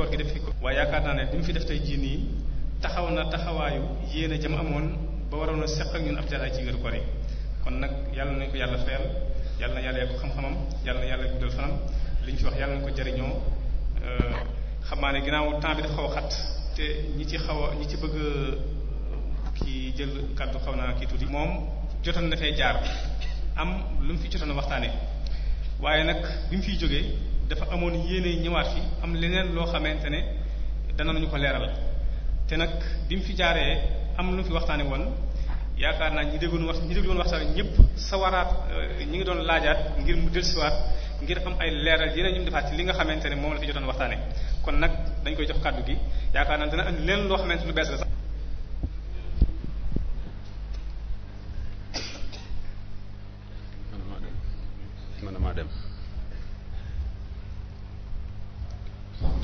Speaker 1: gi def ko waaye yaakaar naa ne bi mu fi def tey jii nii taxaw na taxawaayu yéen a jëm amoon ba waroon a seq ak ñun ci biir yi kon nag yàlla nañu ko yàlla fayal yàlla na yàlla ko xam-xamam yàlla na yàlla guddal fanam li ñu fi wax yàlla nañu ko jëriñoo Euh, xam naa ne ginnaaw temps bi dafa xaw a xat te ñi ci xaw a ñi ci bëgg euh, ki jël kàddu xaw naa kii tuuti. moom jotoon na fee jaar am lu mu fi jotoon waxtaane waaye nag bi mu fiy jógee dafa amoon yéene ñëwaat fi am leneen loo xamante ne dana ko leeral te nag bi mu fi jaaree am lu mu fi waxtaanee woon yaakaar naa ñi déggoon wax ñi déggoon waxtaan ñëpp sawaraat euh, ñu ngi doon laajaat ngir mu dellusiwaat. ngir am ay leeral yeneen ñu defaat ci li nga xamante ne moom la fi jotoon waxtaane kon nag dañ koy jox kàddu gi yaakaar naa dina am leen loo xamante lu bees la sax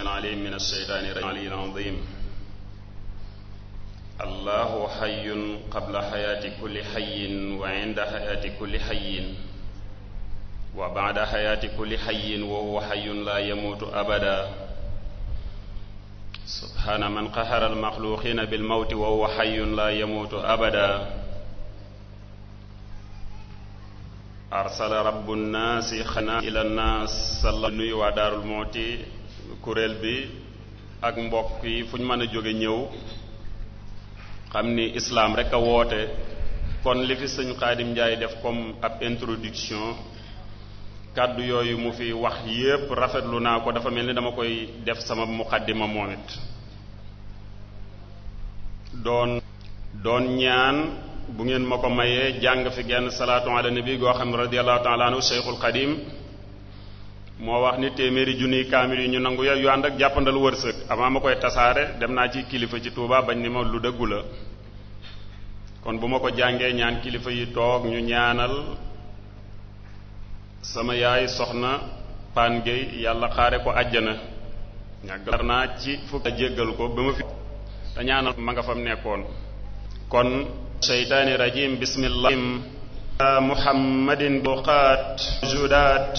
Speaker 5: العليم من الشيطان الرجيم العظيم الله حي قبل حياة كل حي وعند حياة كل حي wa baada xayaati kulli xayin wa huwa xayun laa yamuutu abada subhaana man qaxara almaxluuqina bilmawti wa huwa xayun laa yamuutu kuréel bi ak mbokk yi fu ñu mën a jóge ñëw xam ni islaam rek a woote kon li fi sëñ Xaadim Njaay def comme ab introduction kàddu yooyu mu fi wax yépp rafetlu naa ko dafa mel ni dama koy def sama muqaddima moom it doon doon ñaan bu ngeen ma ko mayee jàng fi genn salaatu ala nabi goo xam ne radiallahu taala anhu cheikhul qadim moo wax ni téeméeri junniy kaamil yu ñu nangu yo yu ànd ak jàppandal wërsëg avant ma koy tasaare dem naa ci kilifa ci Touba bañ ni ma lu dëggu la kon bu ma ko jàngee ñaan kilifa yi toog ñu ñaanal sama yaay soxna Paan Gueye yàlla ko àjjana ñàgg naa ci fukk jéggal ko ba ma fi te ñaanal ma nga fam nekkoon kon sheytaani rajim bismillah muhammadin buqaat judaat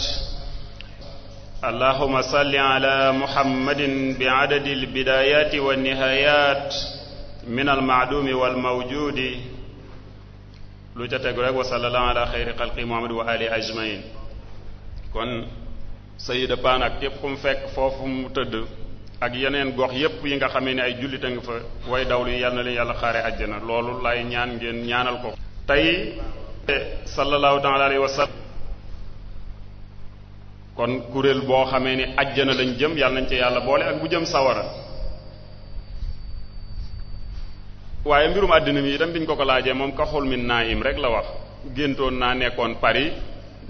Speaker 5: allahuma salli ala muhammadin bi adadi albidayaati wa nihayat min almaaduumi walmawjudi lu ca teg rek wa sallallahu ala xayri xalqi muhammad wa ali ajmain kon sayida paan ak képp ku mu fekk foofu mu tëdd ak yeneen gox yépp yi nga xamee ne ay jullit a ngi fa way dawlu yal na leen yàlla xaare àjjana loolu lay ñaan ngeen ñaanal ko tey sallallahu taala alayhi wa sallam kon kuréel boo xamee ni àjjana lañ jëm yàlla nañ ci yàlla boole ak bu jëm sawara waaye mbirum àddina mi itam biñ ko ko laajee moom ka xul min naa im rek la wax géntoon naa nekkoon Paris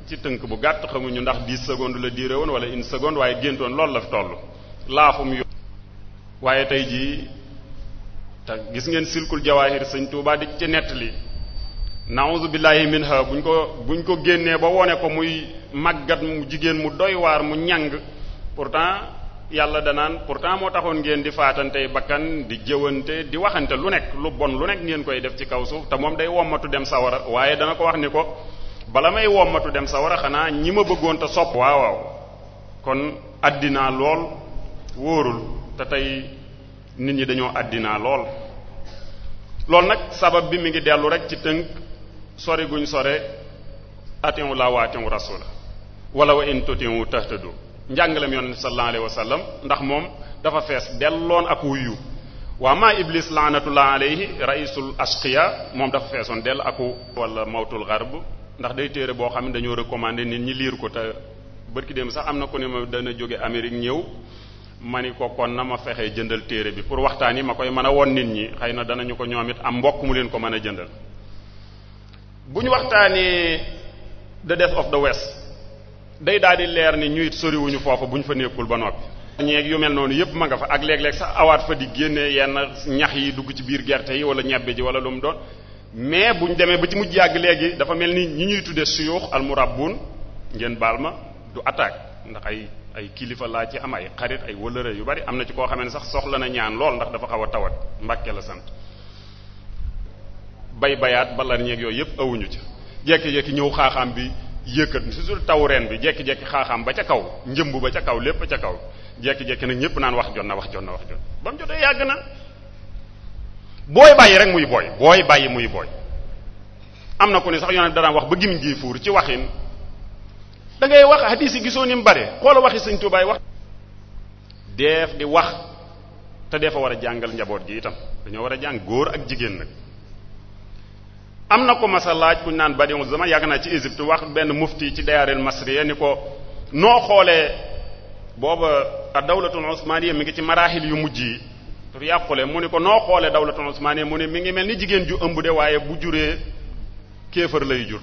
Speaker 5: ci tënk bu gàtt xamuñu ndax 10 secondes la diire woon wala une seconde waaye géntoon loolu la fi toll laafum yo waaye tey jii te gis ngeen silkul jawaahir sëñ Tuubaa di ci nettali na'uzu billahi minha buñ ko buñ ko génnee ba wone ko muy màggat mu jigéen mu doy waar mu ñàng pourtant yàlla danaan pourtant moo taxoon ngeen di faatantey bakkan di jëwante di waxante lu nekk lu bon lu nekk ngeen koy def ci kaw suuf te moom day wommatu dem sawara waaye dana ko wax ni ko bala may wommatu dem sawara xanaa ñi ma bëggoon te sopp waaw waaw kon addinaa lool wóorul te tey nit ñi dañoo àddina lool loolu nag sabab bi mu ngi dellu rek ci tënk sori guñ sore atiu la wa atiu rasula wala wa in tutiu tahtadu yoon sallallahu alayhi wa ndax moom dafa fees delloon ak wuyu waa maa iblis laanatullah alayhi raisul ashqiya moom dafa feesoon dell aku wala mawtul gharb ndax day téere boo xam ne dañoo recommander nit ñi liir ko te ki dem sax am na ko ne ma dana jóge Amérique ñëw ma ni ko kon na ma fexe jëndal téere bi pour waxtaan yi ma koy mën a woon nit ñi xëy na danañu ko ñoom it am mbokk mu leen ko mën a jëndal bu ñu waxtaanee the death of the west day daal di leer ni ñu soriwuñu foofu bu fa nekkul ba noppi ñeeg yu mel noonu yëpp ma nga fa ak léeg-léeg sax awaat fa di génne yenn ñax yi dugg ci biir gerte yi wala ñebbe ji wala lu mu mais bu ñu demee ba ci mujj yàgg léegi dafa mel ni ñi ñuy tuddee suyuux almurabbun ngeen baal ma du attaque ndax ay ay kilifa laa ci am ay xarit ay wëllëre yu bari am na ci koo xam ne sax soxla na ñaan lool ndax dafa xaw a tawat mbàkke la sant bay bayaat bala ñeeg yooyu yëpp awuñu ca jekki-jekki ñëw xaaxaam bi yëkkat surtout taw reen bi jekki-jekki xaaxaam ba ca kaw njëmb ba ca kaw lépp ca kaw jekki-jekki nag ñëpp naan wax jot na wax jot na wax jotee yàgg booy bàyyi rek muy booy booy bàyyi muy booy am na ko ne sax yonent dana wax ba gimiñ gi fuur ci waxin da ngay wax hadis yi gisoo ni mu bare xoola waxi sëñ Tuubaa yi wax deef di wax te deefa war a jàngal njaboot gi itam dañoo war a jàng góor ak jigéen nag am na ko masa laaj ku ñu naan badiu zaman yàgg naa ci Égypte wax benn mufti ci dayaareel masriya ni ko noo xoolee booba a dawlatul usmaniya mi ngi ci maraaxil yu mujj yi tur yàqule mu ni ko noo xoolee dawlatul usmaani mu ni mi ngi mel ni jigéen ju ëmb de waaye bu juree kéefër lay jur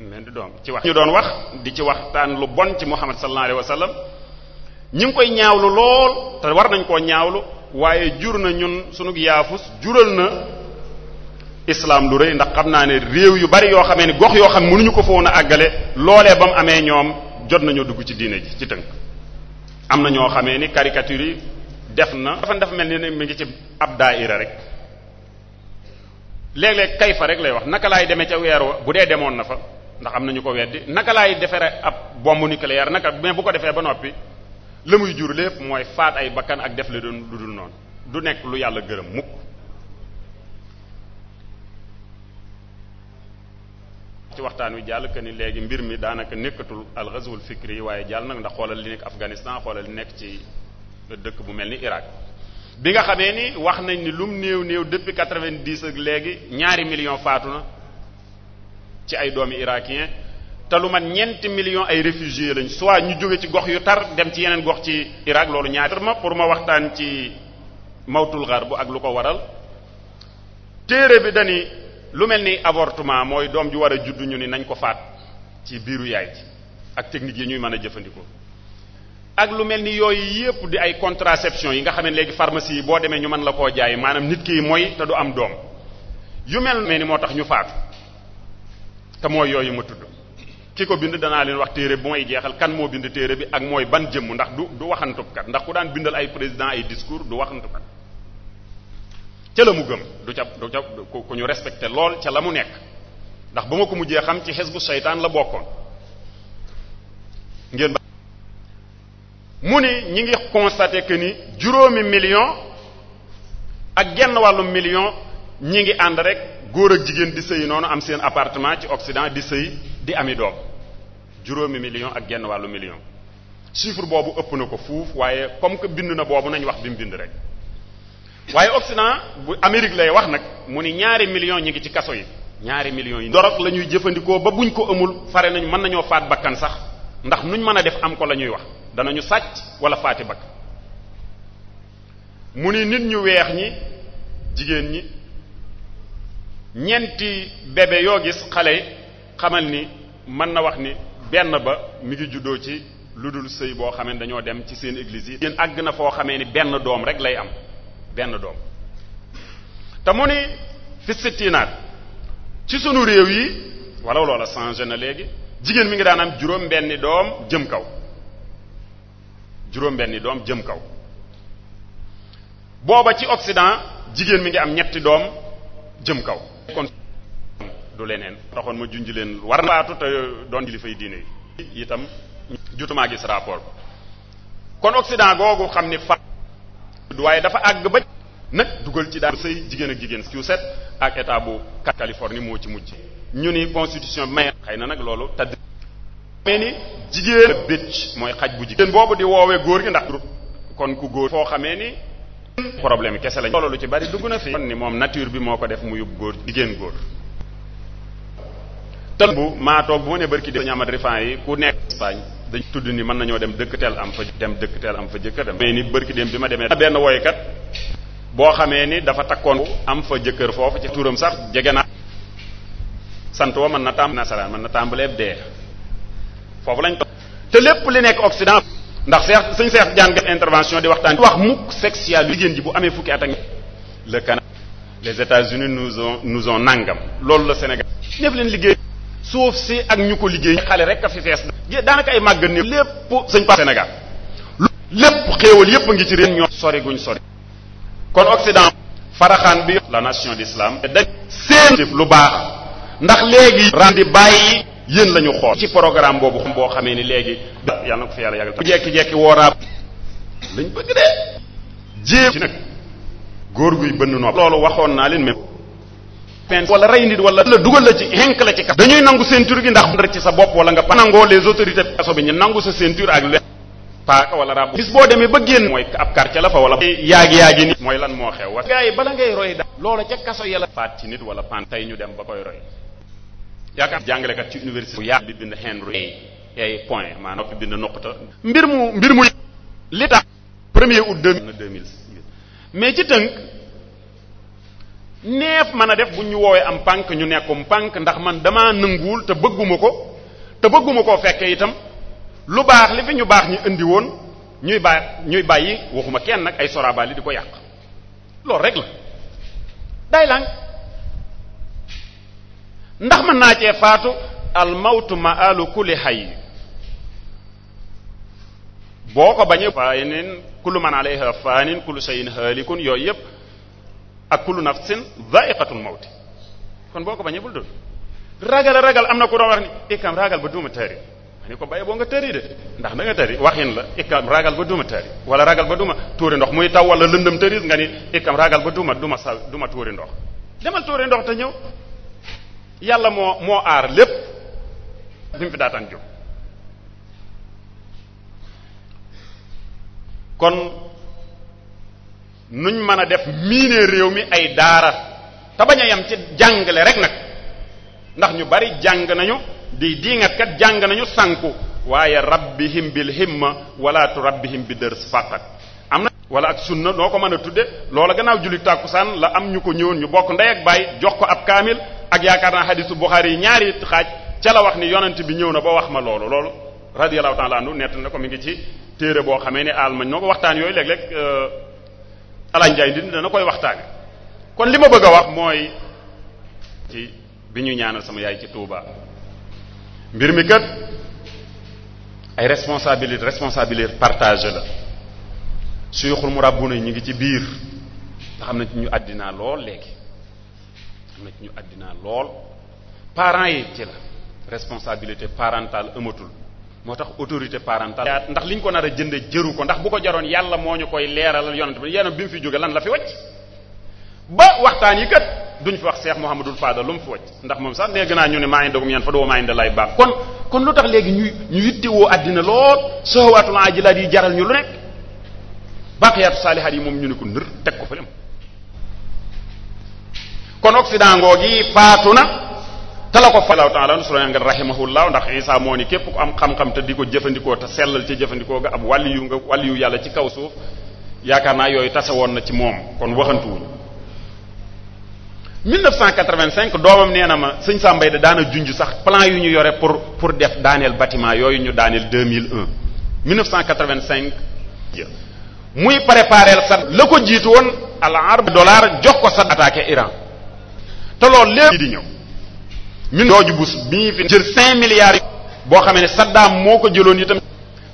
Speaker 5: mel di doom ci wax ñu doon wax di ci waxtaan lu bon ci Muhammad sallallahu alayhi wa sallam ñi ngi koy ñaawlu lool te war nañ koo ñaawlu waaye jur na ñun sunu yaafus jural na islam lu rey ndax xam naa ne réew yu bari yoo xamee ni gox yoo xam mënuñu ko foon àggale loolee ba mu amee ñoom jot nañoo dugg ci diine ji ci tënk am na ñoo xamee ni caricature yi def na dafa dafa mel ni ne mi ngi ci ab daaira rek léeg-léeg kay fa rek lay wax naka laay demee ca weer bu dee demoon na fa ndax am na ñu ko weddi naka laay defere ab bombe nucléaire naka mais bu ko defee ba noppi la muy jur lépp mooy faat ay bakkan ak def la doon lu dul noonu du nekk lu yàlla gërëm mukk ci waxtaan wi jàll que ni léegi mbir mi daanaka nekkatul al ghazwul fikri yi waaye jàll nag ndax xoolal li nekk Afghanistan xoolal li nekk ci dëkk bu mel ni Irak bi nga xamee ni wax nañ ni lum néew néew depuis quatre-vingt-dix ak léegi ñaari millions faatu na ci ay doomi irakien te lu man ñeenti millions ay réfugiés lañ soit ñu jóge ci gox yu tar dem ci yeneen gox ci Irak loolu ñaari ma pour ma waxtaan ci mawtul xar bu ak lu ko waral téere bi dani lu mel ni avortement mooy doom ju war a juddu ñu ni nañ ko faat ci biiru yaay ji ak technique yi ñuy mën a jëfandikoo ak lu mel ni yooyu yépp di ay contraception yi nga xam ne léegi pharmacie yi boo demee ñu man la koo jaay maanaam nit ki mooy te du am doom yu mel ne ni moo tax ñu faatu te mooy yooyu ma tudd ki ko bind danaa leen wax téere bu may jeexal kan moo bind téere bi ak mooy ban jëmm ndax du du waxantukat ndax ku daan bindal ay président ay discours du waxantukat ca la mu gëm du ca du ca ku ñu respecté lool ca la mu nekk ndax ba ma ko mujjee xam ci xes bu seytaan la bokkoon mu ni ñi ngi constaté que ni juróomi million ak genn wàllu million ñi ngi ànd rek góor ak jigéen di sëy noonu am seen appartement ci Occident di sëy di ami doom juróomi million ak genn wàllu million chiffre boobu ëpp na ko fuuf waaye comme que bind na boobu nañ wax bi bind rek waaye Occident bu Amérique lay wax nag mu ni ñaari million ñi ngi ci kaso yi ñaari millions yi dorog la ñuy jëfandikoo ba buñ ko amul fare nañ mën nañoo faat bakkan sax ndax nuñ mën a def am ko la ñuy wax danañu sàcc wala faati bag mu ni nit ñu weex ñi jigéen ñi ñeenti bébé yoo gis xale yi xamal ni mën na wax ni benn ba mi ngi juddoo ci lu dul sëy boo xamee ne dañoo dem ci seen église yi. yéen àgg na foo xamee ni benn doom rek lay am benn doom te mu ni fistinaat ci sunu réew yi walla loola changé na léegi jigéen mi ngi daan am juróom benni doom jëm kaw. juróom-benni doom jëm kaw booba ci Occident jigéen mi ngi am ñetti doom jëm kaw. kon du leneen taxoon ma junj leen war na faatu te doon li fay diine yi itam jutumaa gis rapport kon Occident googu xam ni fa waaye dafa àgg ba nag dugal ci daal sëy jigéen ak jigéen su set ak état bu Californie moo ci mujj ñu ni constitution bi may xëy na nag loolu tadd mee ni jigéen a bëcc mooy xaj bu jigéen boobu di woowee góor gi ndax kon ku góor foo xamee ni problème kese lañ loolu lu ci bari dugg na fi kon ni moom nature bi moo ko def mu yóbbu góor jigéen góor tël bu maa toog bu ma ne bërki de yi ku nekk Espagne dañ tudd ni mën nañoo dem dëkk am fa dem dëkk am fa jëkkër dem mee ni bërki bi ma demee benn woykat boo xamee ni dafa takkoon am fa jëkkër foofu ci turam sax jege na sant wa mën na tàmb nasaraan mën na tàmbaleeb dee foofu lañ toog te lépp li nekk Occident ndax seex suñ seex jàng intervention di waxtaan wax mukk sexuel jigéen ji bu amee fukki at ak le Canada les États-Unis nous ont nous ont nangam loolu la Sénégal ñëpp leen liggéey suuf si ak ñu ko liggéey xale rek a fi fees daanaka ay màgg ne lépp sëñ pa Sénégal lépp xéewal yépp a ngi ci réew ñoo sori guñ sori kon Occident faraxaan bi la nation d'islam dañ seen lu baax ndax bàyyi yéen la ñu xool ci programme boobu boo xamee ni léegi yàlla na ko fi yàlla yàggal tam jekki-jekki wooraa lañ bëgg dee jéem ci nag góor guy bënn nopp loolu waxoon naa leen même pen wala rey nit wala dugal la ci henk la ci ka dañuy nangu ceinture gi ndax rek ci sa bopp wala nga pa nangoo les autorités bi ñu nangu sa ceinture ak le paaka wala rab bis boo demee ba génn mooy ab quartier la fa wala yaagi yaagi nit mooy lan moo xew wa yi bala ngay roy da loola ca kaso yàlla faat ci nit wala pan tey ñu dem ba koy roy yaakaar jàngalekat ci université bu yàgg bi bind Henry ay point maa noppi bind noqta mbir mu mbir mu li tax premier août deux mille mais ci tënk neef mën a def bu ñu woowee am pànk ñu nekkum pànk ndax man damaa nanguwul te bëgguma ko te bëgguma koo fekkee itam lu baax li fi ñu baax ñu indi woon ñuy baax ñuy bàyyi waxuma kenn nag ay soraabali di ko yàq loolu rek la day lang ndax mën naa cee faatu al mawtu ma alu kulli xay boo ko bañee faayinin kullu man alayha faanin kullu shay'in haalikun yooyu yëpp ak kullu nafsin dha'iqatul mawti kon boo ko bañee bul dul ragal ragal am na ku doon wax ni ikam ragal ba duma tëri ma ni ko bàyyi da nga tëri waxin la ragal ba duuma tëri wala ragal ba duma tuuri ndox muy taw wala lëndëm tëris nga ni ikam ragal ba duma sa duma tuuri ndox demal tuuri ndox te ñëw yàlla moo moo aar lépp bi mu fi daataan jóg kon nuñ mën a def miine réew mi ay daara te bañ a yem ci jàngale rek nag ndax ñu bari jàng nañu di diingat kat jàng nañu sanku waaye rabbihim bil himma wala turabbihim bi dërs faqat am na wala ak sunna noo ko mën a tudde loola gannaaw julli tàkkusaan la am ñu ko ñëwoon ñu bokk ndey ak baay jox ko ab kaamil ak yaakaar naa xadisu Buxaari yi ñaari xaaj ca la wax ni yonent bi ñëw na ba wax ma loolu loolu radiyallahu ta'ala anhu nett na ko mu ngi ci téere boo xamee ne almañ noo ko waxtaan yooyu léeg-léeg euh, alañ Njaay di dana koy waxtaane kon li ma bëgg a wax mooy ci bi ñu ñaanal sama yaay ci Touba mbir mi kat ay responsabilité responsabilité partagée la suyuxul murabbuna ñu ngi ci biir nga xam ne ñu àddinaa lool léegi métti na ci ñu àddina lool parent yi ci la responsabilité parentale amatul moo tax autorité parentale ndax liñ ko nar a jënde jëru ko ndax bu ko jaroon yàlla moo ñu koy leeral yonent bi yonent bi mu fi jóge lan la fi wacc ba waxtaan yi kat duñ fi wax Cheikh Mouhamadul Fadal lu mu fi wacc ndax moom sax dégg naa ñu ne maa ngi dogum yan fa doo maa ngi lay baax kon kon lu tax léegi ñuy ñu yittewoo àddina lool soxawaatul ajilaat yi jaral ñu lu nekk baaqiyaatu saalihaat yi moom ñu ne ko nër kon Occident ngoogi faatu na te la ko falaw taala suleymaan rahimahullah ndax Isa moo ni képp ku am xam-xam te di ko jëfandikoo te sellal ci jëfandikoo nga ab wàlliyu nga yàlla ci kaw suuf yaakaar naa yooyu tase woon na ci moom kon waxantuwuñu 1985 doomam nee na ma sëñ Sambay da daana junj sax plan yu ñu yore pour pour def daaneel bâtiment yooyu ñu daaneel 2001 1985. muy préparer sa la ko jiitu woon al arab dollar jox ko sa attaqué Iran. te loolu lépp di ñëw min jooju bus bi ñu fi jël cinq milliards boo xamee ne Saddam moo ko jëloon itam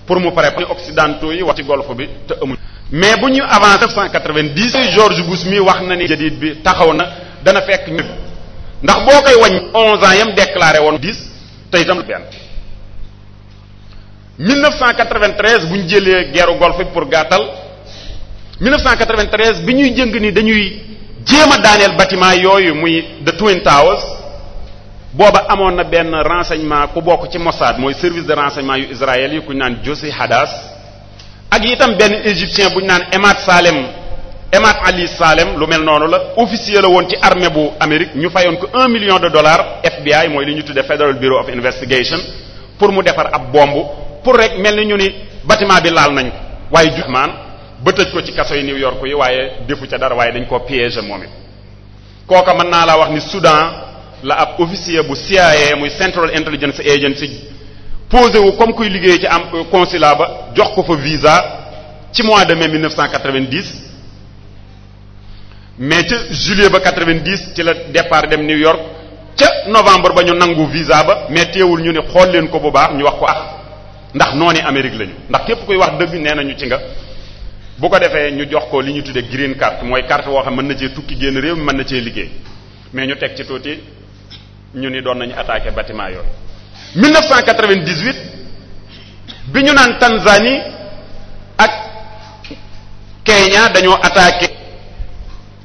Speaker 5: pour mu pare ñu occidentaux yi wax ci golfe bi te amuñ mais bu ñu avancé 1990 George Bush mi wax na ni jadid bi taxaw na dana fekk ñu ndax boo koy wàññi onze ans yam déclaré woon dix te itam benn 1993 bu ñu jëlee guerre golfe bi pour gàttal 1993 bi ñuy jëng ni dañuy jéem a daaneel bâtiment yooyu muy the twin towers booba amoon na benn renseignement ku bokk ci Mossad mooy service de renseignement yu Israël yi ku ñu naan Josi Hadass ak itam benn égyptien bu ñu naan Emad Salem Emad Ali Salem lu mel noonu la officier la woon ci armée bu Amérique ñu fayoon ko un million de dollars FBI mooy li ñu tuddee Federal Bureau of Investigation pour mu defar ab bomb pour rek mel ni ñu ni bâtiment bi laal nañ waaye jumaan ba tëj ko ci kaso yi New York yi waaye defu ca dara waaye dañ koo piéger moom it kooka mën naa laa wax ni Soudan la ab officier bu CIA muy Central Intelligence Agency posé wu comme kuy liggéey ci am euh, consulat ba jox ko fa visa ci mois de mai 1990 mais ca juillet ba 90 ci la départ dem New York ca novembre ba ñu nangu visa ba mais teewul ñu ne xool leen ko bu baax ñu wax ko ah ndax noonu Amérique lañu ndax képp koy wax dëgg nee nañu ci nga bu ko defee ñu jox ko li ñu tuddee green card mooy carte woo xam mën na cee tukki génn réew mën na cee liggéey mais ñu teg ci tuuti ñu ni doon nañu attaqué bâtiment yooyu 1998 bi ñu naan Tanzanie ak Kenya dañoo attaqué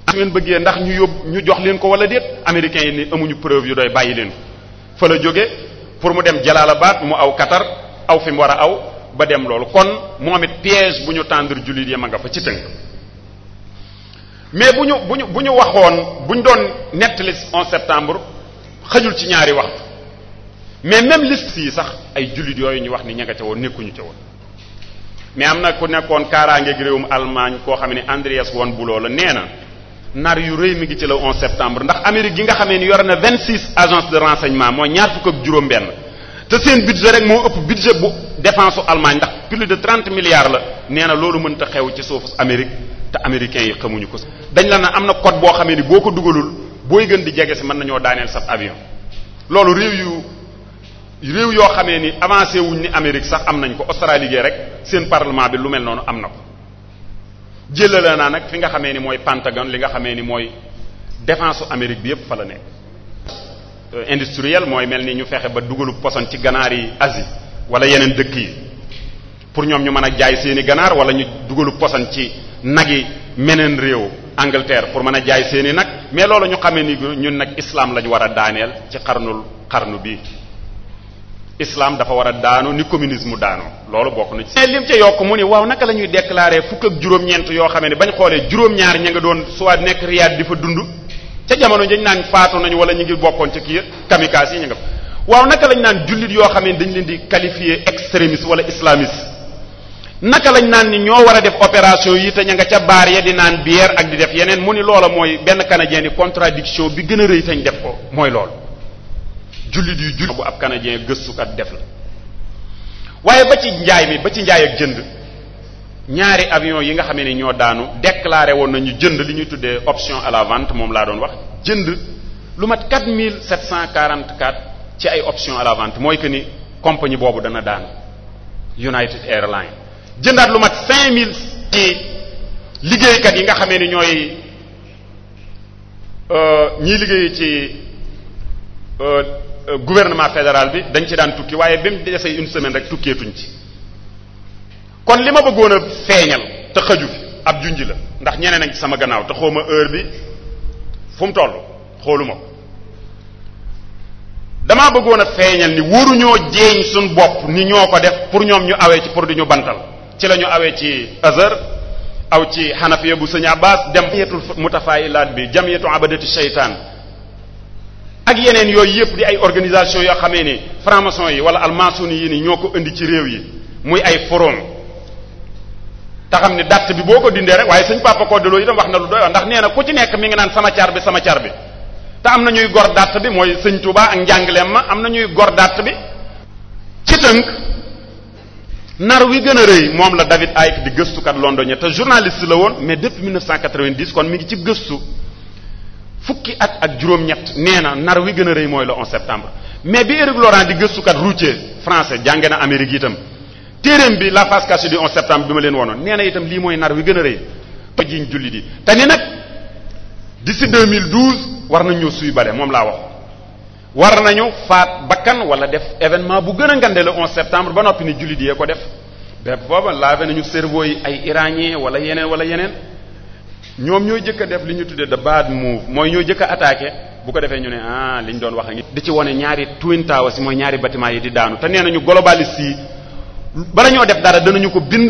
Speaker 5: su ngeen bëggee ndax ñu yóbbu ñu jox leen ko wala déet américains yi ni amuñu preuve yu doy bàyyi leen ko fa la jóge pour mu dem Jalalabad mu aw Qatar aw fi mu war a aw ba dem loolu kon moom it piège bu ñu tendre jullit ya a nga fa ci tënk mais bu ñu bu ñu bu ñu waxoon bu ñu doon nettali 11 septembre xajul ci ñaari wax mais même liste yi sax ay jullit yooyu ñu wax ni ña nga ca woon nekkuñu ca woon mais am na ku nekkoon kaaraangeeg réewum Allemagne koo xam ne Andreas von bu la nee na nar yu rëy mi ngi ci la 11 septembre ndax Amérique gi nga xamee ni yor na 26 agences de renseignement mooy ñaar fukk ak juróom-benn. te seen budget rek moo ëpp budget bu défense u Allemagne ndax plus de trente milliards la nee na loolu mënta xew ci suufu Amérique te américains yi xamuñu ko dañ la na am na code boo xamee ni boo ko dugalul booy gën di jege si mën nañoo daaneel sab avion loolu réew yu réew yoo xamee ni avancé wuñ ni Amérique sax am nañ ko Australie rek seen parlement bi lu mel noonu am na ko jëlale naa nag fi nga xamee ni mooy Pentagone li nga xamee ni mooy défense u Amérique bi yépp la nekk Euh, industriel mooy mel ni ñu fexe ba dugalu poson ci ganaar yi Asie wala yeneen dëkk yi pour ñoom ñu mën a jaay seeni ganaar wala ñu dugalu poson ci nag yi meneen réew Angleterre pour mën a jaay seeni nag mais loolu ñu xamee ni ñun nag islam lañu war a daaneel ci xarnul xarnu bi islam dafa war a daanu ni communisme daanoo loolu bokk na ci. mais lim ca yokk mu ni waaw naka la ñuy déclarer fukk ak juróom-ñeent yoo xam ne bañ xoolee juróom-ñaar ñu nga doon soit nekk Riyad di fa dund. ca jamono dañ naan faatu nañu wala ñu ngi bokkoon ca kii kamikaze yi ñu nga fa waaw naka lañ naan jullit yoo xam ne dañ leen di qualifier extrémiste wala islamiste naka lañ naan ni ñoo war a def opération yi te ña nga ca baar ya di naan bière ak di def yeneen mu ni loola mooy benn canadien ni contradiction bi gën a rëy tañ def ko mooy lool jullit yi jullit bu ab canadien gëstukat def la waaye ba ci njaay mi ba ci njaay ak jënd ñaari avion yi nga xamee ne ñoo daanu déclaré woon nañu jënd li ñuy tuddee option à la vente moom laa doon wax jënd lu mat 4744 ci ay option à la vente mooy que ni compagnie boobu dana daanu United Airlines jëndaat lu mat 5000 ci liggéeykat yi nga xamee ni ñooy euh, ñii liggéey ci euh, gouvernement fédéral bi dañ ci daan tukki waaye ba mu desee une semaine rek tukkeetuñ ci. kon li ma bëggoon a feeñal te xëju fi ab junj la ndax ñeneen ak ci sama gannaaw te xawma heure bi fu mu toll xooluma ko damaa bëggoon feeñal ni waruñoo jeeñ suñ bopp ni ñoo ko def pour ñoom ñu awee ci pour di ñu bantal ci lañu awee ci azar aw ci xanafiya bu sëñ abbas dem jamiyatul mutafaayilaat bi jamiyatu abadati seytaan ak yeneen yooyu yëpp di ay organisation yoo xamee ni franc yi wala almasoni yi ni ñoo ko indi ci réew yi muy ay forum te xam ni dàtt bi boo ko dindee rek waaye suñ papa koo deloo itam wax na lu doy ndax nee na ku ci nekk mi ngi naan sama car bi sama car bi te am na ñuy gor dàtt bi mooy sëñ Tuubaa ak njàngaleem ma am na ñuy gor dàtt bi ci tënk nar wi gën a rëy moom la David Icke di gëstukat londonien te journaliste la woon mais depuis 1990 kon mi ngi ci gëstu fukki at ak juróom-ñett nee na nar wi gën a rëy mooy la 11 septembre mais bi Éric di gëstukat routier français jànge na Amérique itam téeréem bi la face cachée du 11 septembre bi ma leen wonoon nee na itam lii mooy nar wi gën a rëy to jiñ julli di te ni nag d'ici 2012 war nañu suy bale moom laa wax war nañu faat bakkan wala def événement bu gën a ngande le 11 septembre ba noppi ni julli di yee ko def bépp booba laave nañu cerveau yi ay iranien wala yeneen wala yeneen ñoom ñoo jëkk a def li ñu tuddee the bad move mooy ñoo jëkk attaque attaqué bu ko defee ñu ne ah li ñu doon wax a ngi di ci wone ñaari twin towers si mooy ñaari bâtiment yi di daanu te nee nañu globaliste yi bala ñoo def dara danañu ko bind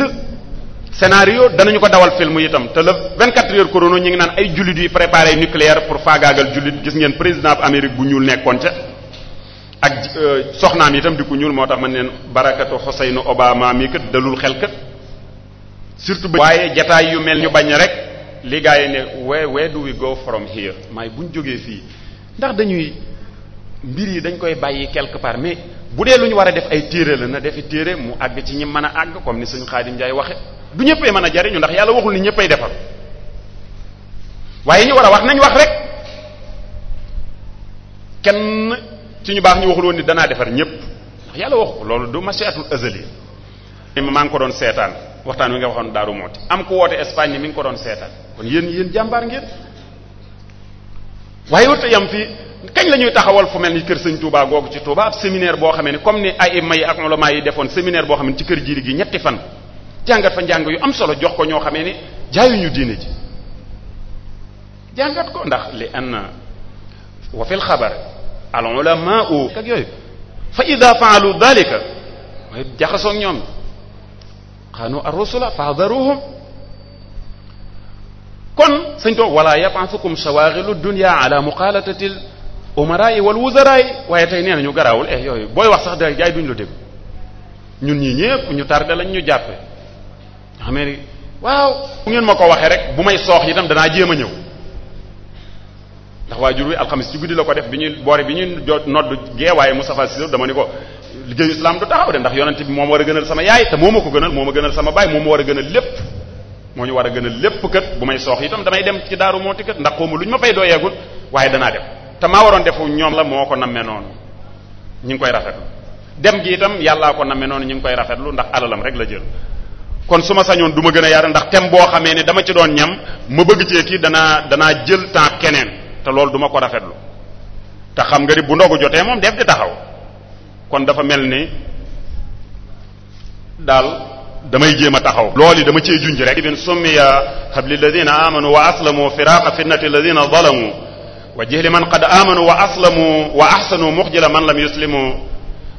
Speaker 5: scénario danañu ko dawal film itam te le 24 heures chrono ñu ngi naan ay jullit yi préparé nucléaire pour faagaagal jullit gis ngeen président bu Amérique bu ñuul nekkoon ca ak euh, soxnaam itam di ko ñuul moo tax man neen barakatu Hussein Obama mi kat dalul xel kat surtout ba waaye jataay yu mel ñu bañ rek li gars yi ne where where do we go from here maay bu ñu jógee fii ndax dañuy mbir yi dañ koy bàyyi quelque part bu dee lu ñu war a def ay téere la na defi téere mu àgg ci ñi mën a àgg comme ni suñu Xaadim Njaay waxe du ñëppay mën a jariñu ndax yàlla waxul ni ñëppay defar waaye ñu war a wax nañ wax rek kenn ci ñu baax ñu waxul ni danaa defar ñëpp ndax yàlla waxu ko loolu du mashiatul azali maa ngi ko doon seetaan waxtaan wi nga waxoon Daaru Muxti am ku woote Espagne ni mi ngi ko doon seetaan kon yéen yéen jàmbaar ngeen waaye wut yam fii kañ la ñuy taxawal fu mel ni kër sañ Touba googu ci Touba ab séminaire boo xamee ne comme ni ay may ak ulama yi defoon séminaire boo xam ne ci kër jiiri gi ñetti fan jàngat fa njàng yu am solo jox ko ñoo xamee ne jaayuñu diine ji jàngat ko ndax li anna wa fil xabar al ulama ak yooyu fa ida faalu dalika jaxasoog ñoom xanu ar-rusula fahdaruhum kon sëñ to wala yapansukum shawaghilu dunya ala muqalatati umara yi wala wuzara yi waaye tey nee nañu garaawul eh yooyu booy wax sax day jaay duñ la dégg ñun ñii ñëpp ñu tardé lañ ñu jàppe xam ngeen ma ko waxee rek bu may soox itam danaa jéem a ñëw ndax waajur wi alxamis ci guddi la ko def bi ñuy boore bi ñuy nodd gee waaye Moustapha Cissé dama ni ko liggéeyu islam du taxaw de ndax yonent bi moom war a gënal sama yaay te moo ma ko gënal moo ma gënal sama baay moom ma war a gënal lépp moo ñu war a gënal lépp kat bu may soox yi tam damay dem ci daaru mooti kat ndax xawma lu ñu ma fay dooyeegul waaye danaa dem te maa waroon defu ñoom la moo ko nammee noonu ñu ngi koy rafetlu dem gi itam yàllaa ko nammee noonu ñu ngi koy rafetlu ndax alalam rek la jël kon su ma sañoon du ma gën a yaatu ndax tem boo xamee ne dama ci doon ñam ma bëgg cee kii danaa danaa jël temps keneen te loolu du ma ko rafetlu te xam nga ni bu ndogu jotee moom def di taxaw kon dafa mel ni daal damay jéem a taxaw lool yi dama cee junj rek ibn summiya hab lilladina amanu wa aslamu firaqa fitnati alladina zalamu wa jihli man qad amanu wa aslamu wa ahsanu muxjila man lam yuslimu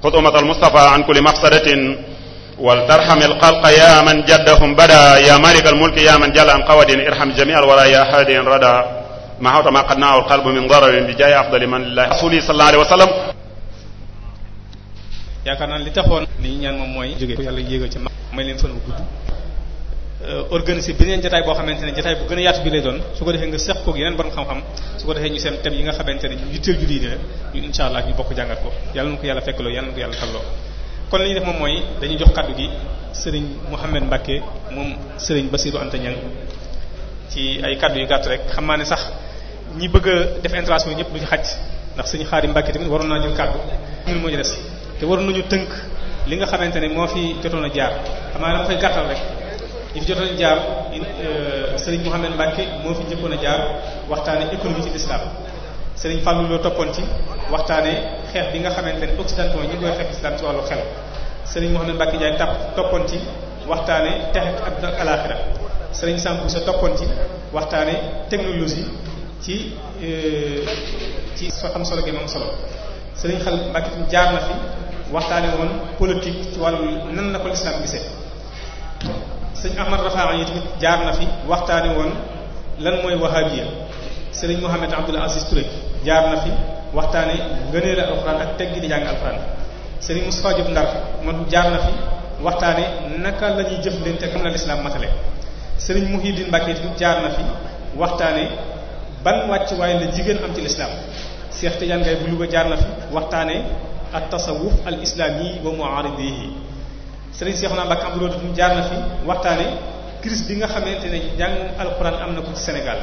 Speaker 5: xutumat almustafa an kulli mafsadatin waltarxam alxalqa ya man jaddahum bada ya malik almulki ya man jalla an qawadin irham jami alwala ya haadiin rada ma hawta ma qad naahu alqalbu min darabin bi jaay afdali man lillahi rasuli sallallahu alayhi wa sallam
Speaker 1: yaakaar naa li taxoon li ñu ñaan moom mooy jóge yàlla yéegal ci may leen fan bu gudd Euh, organiser neen jotaay boo xamante ne jotaay bu gën a yaatu bi lay doon su ko defee nga seq koog yeneen borom xam-xam su ko defee ñu seen thème yi nga xamante ne ñu yitteel jullit yi la ñu incha allah ñu bokk jàngat ko yàlla na ko yàlla fekkloo yàlla na ko ñu moom mooy dañuy jox kaddu gi sëriñ Mouhamed Mbacke moom sëriñ Basirou Anta Niang ci ay kaddu yu gàtt rek xam naa ne sax ñi bëgg a def intervention ñëpp du ci xaj ndax sëriñ Xaadim Mbacke tamit waroon naa jël kaddu ñun moo ñu des te waroon nañu tënk li nga xamante ne moo fi jotoon a jaar xam naa dama koy gàttal rek ñu fi jotoon jaar euh, sëriñ Mouhamed Mbacke moo fi njëkkoon a jaar waxtaane économie ci l'islam sëriñ Fallou loo toppoon ci waxtaane xeex bi nga xamante ne occidentaux ñi koy xeex islam ci wàllu xel sëriñ Mouhamed Mbacke Ndiaye tàpp toppoon ci waxtaane texe sëriñ Samb sa toppoon ci waxtaane technologie ci euh, ci so am solo gi moom solo sëriñ xel Mbacke fi jaar na fi waxtaane woon politique ci wàllu nan la ko l'islam gisee sëñ Ahmad Rafa'a yi jaar na fi waxtaane woon lan mooy wahabiya sëriñ Mohamed Abdul Aziz Touré jaar na fi waxtaane ngëneelu alxuraan ak teggi di jàng alxuraan sëriñ Moustapha Diop Ndar moom jaar na fi waxtaane naka la ñuy jëflante ak la lislaam matale sëriñ Muhiddin Mbacke tamit jaar na fi waxtaane ban wàccuwaay la jigéen am ci lislaam Cheikh Tidiane Gaye bu Louga jaar na fi waxtaane at tasawuf al islami wa muaridihi Serigne Cheikhouna Mbacké Abdou Lahad mu jaar na fi waxtaane crise bi nga xamante ne jàng alxuraan am na ko ci Sénégal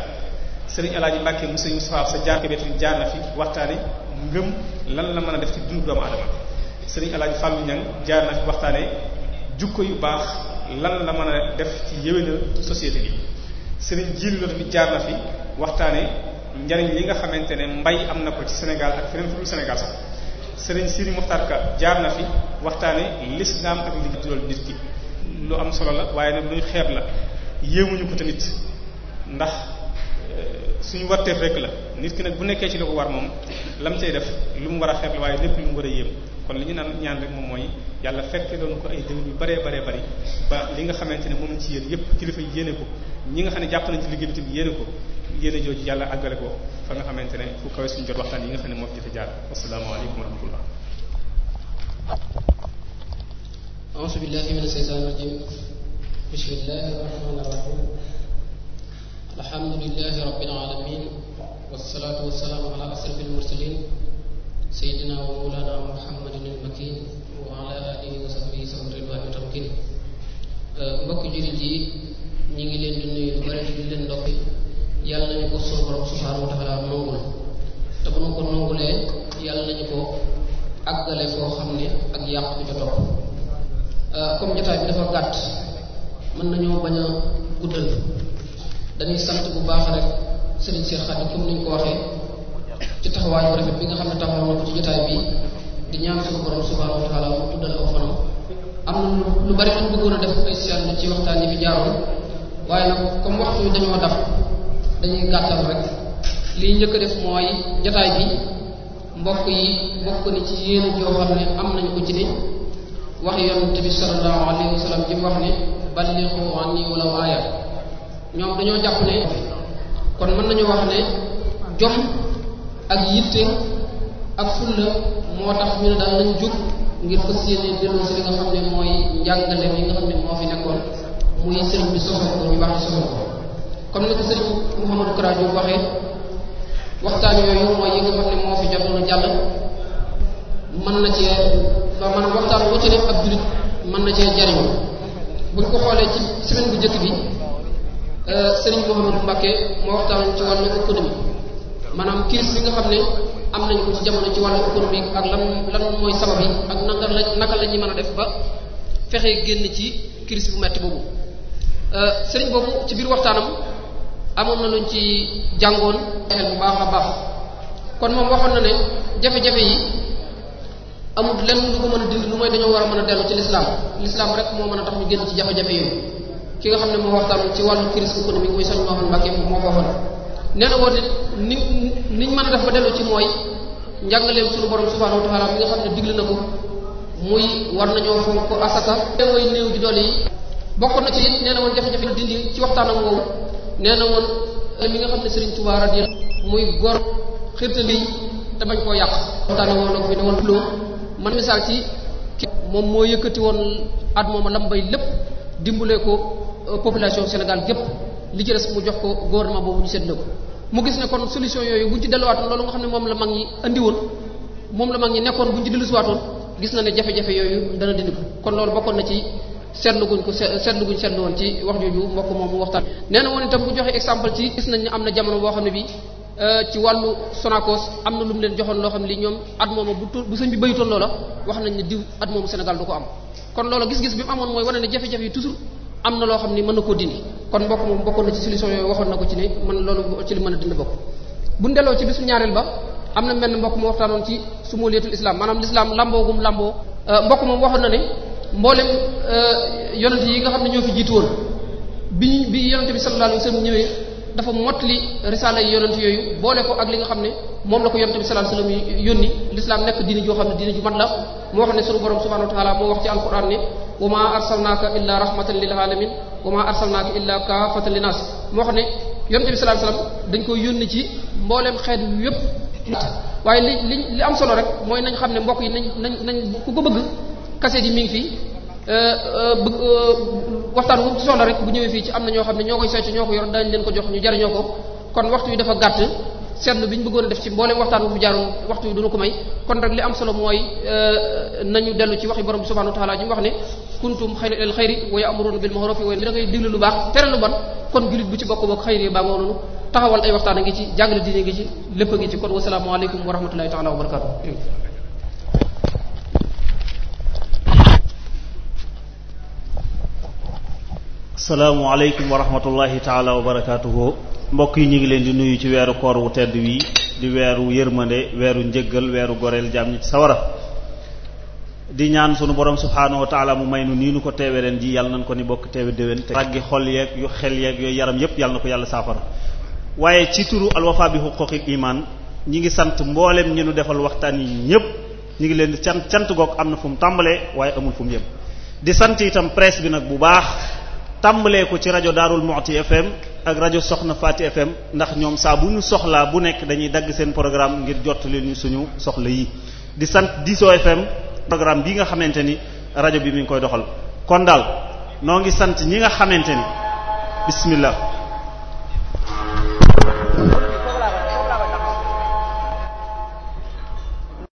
Speaker 1: Serigne El Hadj Mbacké mu Serigne sa jaar ko tamit jaar na fi waxtaane ngëm lan la mën a def ci dundu doomu adama Serigne El Hadj Fallou jaar na fi waxtaane jukko yu baax lan la mën a def ci yéwénal société bi Serigne Djili Lo tamit jaar na fi waxtaane njariñ li nga xamante ne mbay am na ko ci Sénégal ak feneen fu dul Sénégal sax sëriñ Sidi Muxtaar Ka jaar na fi waxtaane lislaam ak li jural nit ki lu am solo la waaye nag luñ xeeb la yéemuñu ko tamit ndax eh, suñu warteef rek la nit ki nag bu nekkee ci li ko war moom lam cay def lu mu war a xeeb la waaye lépp lu mu war a yéem kon li ñu naan ñaan rek moom mooy yàlla fekke doon ko ay déwén yu bare baree bari ba li nga xamante ne moom ci yéen yëpp kilifa yéene ko ñi nga xam ne jàpp nañ ci liggéey bi tamit yéene ko yéene jooju yàlla àggale ko fa nga xamante ne fu kawe suñu jot waxtaan yi nga xam ne moo fi jot a jaar asalaamaaleykum wa rahmatullah a'uuzu billahi mina shaytaani rajiim
Speaker 6: bismillahi rahmaani rahiim alhamdulillahi rabbil alamin wassalaatu wassalaamu ala asrafil mursaliin sayyidina wa mawlaana muhammadin al-makiin wa ala aalihi wa sahbihi sawr ridwaani tamkiin mbokk jullit yi ñu ngi leen di nuyu bare di leen ndokki yàlla nañu ko sunu borom subhanahu wa taala nangul te bu ñu ko nangulee yàlla nañu ko àggale koo xam ne ak yàqu bi ca topp euh, comme jotaay bi dafa gàtt a guddal dañuy sant bu baax rek sëriñ Seex Xaadim ko waxee ci taxawaay bu rafet bi nga xam ne taxaw na ko ci jotaay bi di ñaan sunu borom subhanahu wa taala mu tuddal aw fanam am na lu bari luñ bëggoon a def ay seetlu ci waxtaan yi fi jaaroon waaye nag comme waxtu wi dañoo daf dañuy gàttal rek liy njëkk a def mooy jotaay bi mbokk yi bokk ni ci yéen joo xam ne am nañu ko ci ne wax yonent bi sallallahu alayhi wa sallam ji mu wax ne ballighu ñoom dañoo jàpp ne kon mën nañu wax ne jom ak yitte ak fulla moo tax ñu ne daal nañ jóg ngir fas yéene delloo si li nga xam ne mooy njàngale yi nga xam ne moo fi nekkoon muy sëriñ bi soxla ko ñu baax soxla ko comme ni ko sëriñ Mouhamadou Kara Diouf waxee waxtaan yooyu mooy yi nga xam ne moo fi jotoon a jàll mën na cee ba maanaam waxtaan wu ci ne ab jullit mën na cee jariñu bu ñu ko xoolee ci semaine bu njëkk bi euh, sëriñ Mouhamadou Mbacké moo ci wàllu économie maanaam bi nga xam ne am nañ ko ci jamono ci wàllu économique ak lan lan mooy sabab yi ak naka la naka la ñuy mën a def ba fexe génn ci kiris bu metti boobu euh, sëriñ boobu ci biir waxtaanam amoon na luñ ci jàngoon bu baax a baax kon moom waxoon na ne jafe-jafe yi amul lenn lu ko mën a dindi lu mooy dañoo war a mën a dellu ci lislaam lislaam rek moo mën a tax ñu génn ci jafe-jafe yooyu ki nga xam ne moo waxtaan ci wàllu crise économique muy sëñ Mamadou Mbacke moo ko waxoon nee na mën a def dellu ci mooy njàngaleem suñu borom subhanahu wa taala mi nga xam ne digle na ko muy war nañoo fonk asaka mooy néew ji doole yi bokk na ci it nee na woon jafe-jafe dindi ci waxtaan ak woowu nee na woon mi euh, nga xam ne Serigne Touba radi muy gor xirtali te bañ koo yàq waxtaane woon na ko fi ne woon loo man misaal ci moom moo yëkkati woon moom mooma lam bay lépp dimbale ko euh, population Sénégal gépp li ci des mu jox ko gouvernement boobu ñu seddale ko mu gis ne kon solution yooyu buñ ci delluwaatoon loolu nga xam ne moom la mag ñi andi moom la mag ñi nekkoon bu buñ ci dellusiwaatoon gis na ne jafe-jafe yooyu dana dindi ko kon loolu bokkoon na ci seetlu guñ ko seetlu guñ seetlu woon ci wax jooju mbokk moomu waxtaan nee na woon itam bu joxe exemple am na jamono boo xam ne bi euh, ci wàllu Sonacos am na lu mu leen joxoon loo xam ne li ñoom at moomu bu tu bu sëñ bi bayutoon loola wax nañ ne diw at moomu Sénégal du ko am kon loola gis-gis bi mu amoon mooy wane ne jafe-jafe yi toujours am na loo xam ne mën na koo dindi kon mbokk moom bokkoon na ci solution yooyu waxoon na ko ci ne man loolu ci li mën a dindi bokk bu ndeloo ci bisu ñaareel ba am na mel mbokk mu waxtaanoon ci sumóolietul islam maanaam l'islam lamboo gum lamboo euh, mbokk moom waxoon na ne mboolem euh, yonent yi nga xam ne ñoo fi jiit woon bi ñu bi yonent bi sallallahu alayhi wasallam ñëwee dafa motli risaala yi yonent yooyu boole ko ak li nga xam ne moom la ko yonent bi sallallahu alayhi wasallam yónni l'islam nekk diini joo xam ne diini ju mat moo xam ne sunu borom subhanahu wa ta'ala moo wax ci alquran ne wa ma arsalnaaka illa rahmatan lil moo xam ne yonent bi sallallahu dañ koy yónni ci mboolem xeet yépp waaye li li li am solo rek mooy nañ xam ne mbokk yi nañ nañ nañ ku ko bëgg kaset yi mi ngi fi euh, euh, euh, waxtaan wu ci soxla rek bu ñëwee fii ci am na ñoo xam ne ñoo koy socc ñoo ko yor daañu leen ko jox ñu jariñoo ko kon waxtu yi dafa gàtt seetlu bi ñu bëggoon def ci mboolem waxtaan wu mu jaaroon waxtu yi duñu ko may kon rek li am solo mooy nañu dellu ci waxi borom bi subhanahu wa ta'ala ñu wax ne kuntum xayra al xayri wa ya'muruna bil ma'rufi wa da ngay digle lu baax tere lu bon kon jullit bu ci bokk bokk xayri baa ngoo noonu taxawal ay waxtaan a ngi ci jàngale diine ngi ci lépp a ngi ci kon wasalaamualeykum wa rahmatullahi taala wa barakatuh
Speaker 5: salaamualeykum wa rahmatullahi taala wa barakaatuhu mbokk yi ñu ngi leen di nuyu ci weeru koor wu tedd wii di weeru yërmande weeru njëggal weeru goreel jaam ñi ci sawara di ñaan sunu borom subhaanahu wa taala mu may nu nii nu ko teewe ren ji yàlla nañ ko ni bokk teewe déwén te ràggi xol yeeg yu xel yeeg yooyu yaram yépp yàlla na ko yàlla saafara waaye ci turu alwafa bi xuquqi iman ñi ngi sant mbooleem ñi defal waxtaan yi ñépp ñu ngi leen di cant cant goog am na fu mu tàmbalee waaye amul fu mu tàmbalee ko ci rajo Darou Moukhty FM ak rajo Soxna Fati FM ndax ñoom saa bu ñu soxlaa bu nekk dañuy dagg seen programme ngir jottali leen suñu soxla yi di sant Diso FM programme bi nga xamante ni rajo bi mi ngi koy doxal kon daal noo ngi sant ñi nga xamante ni bismillah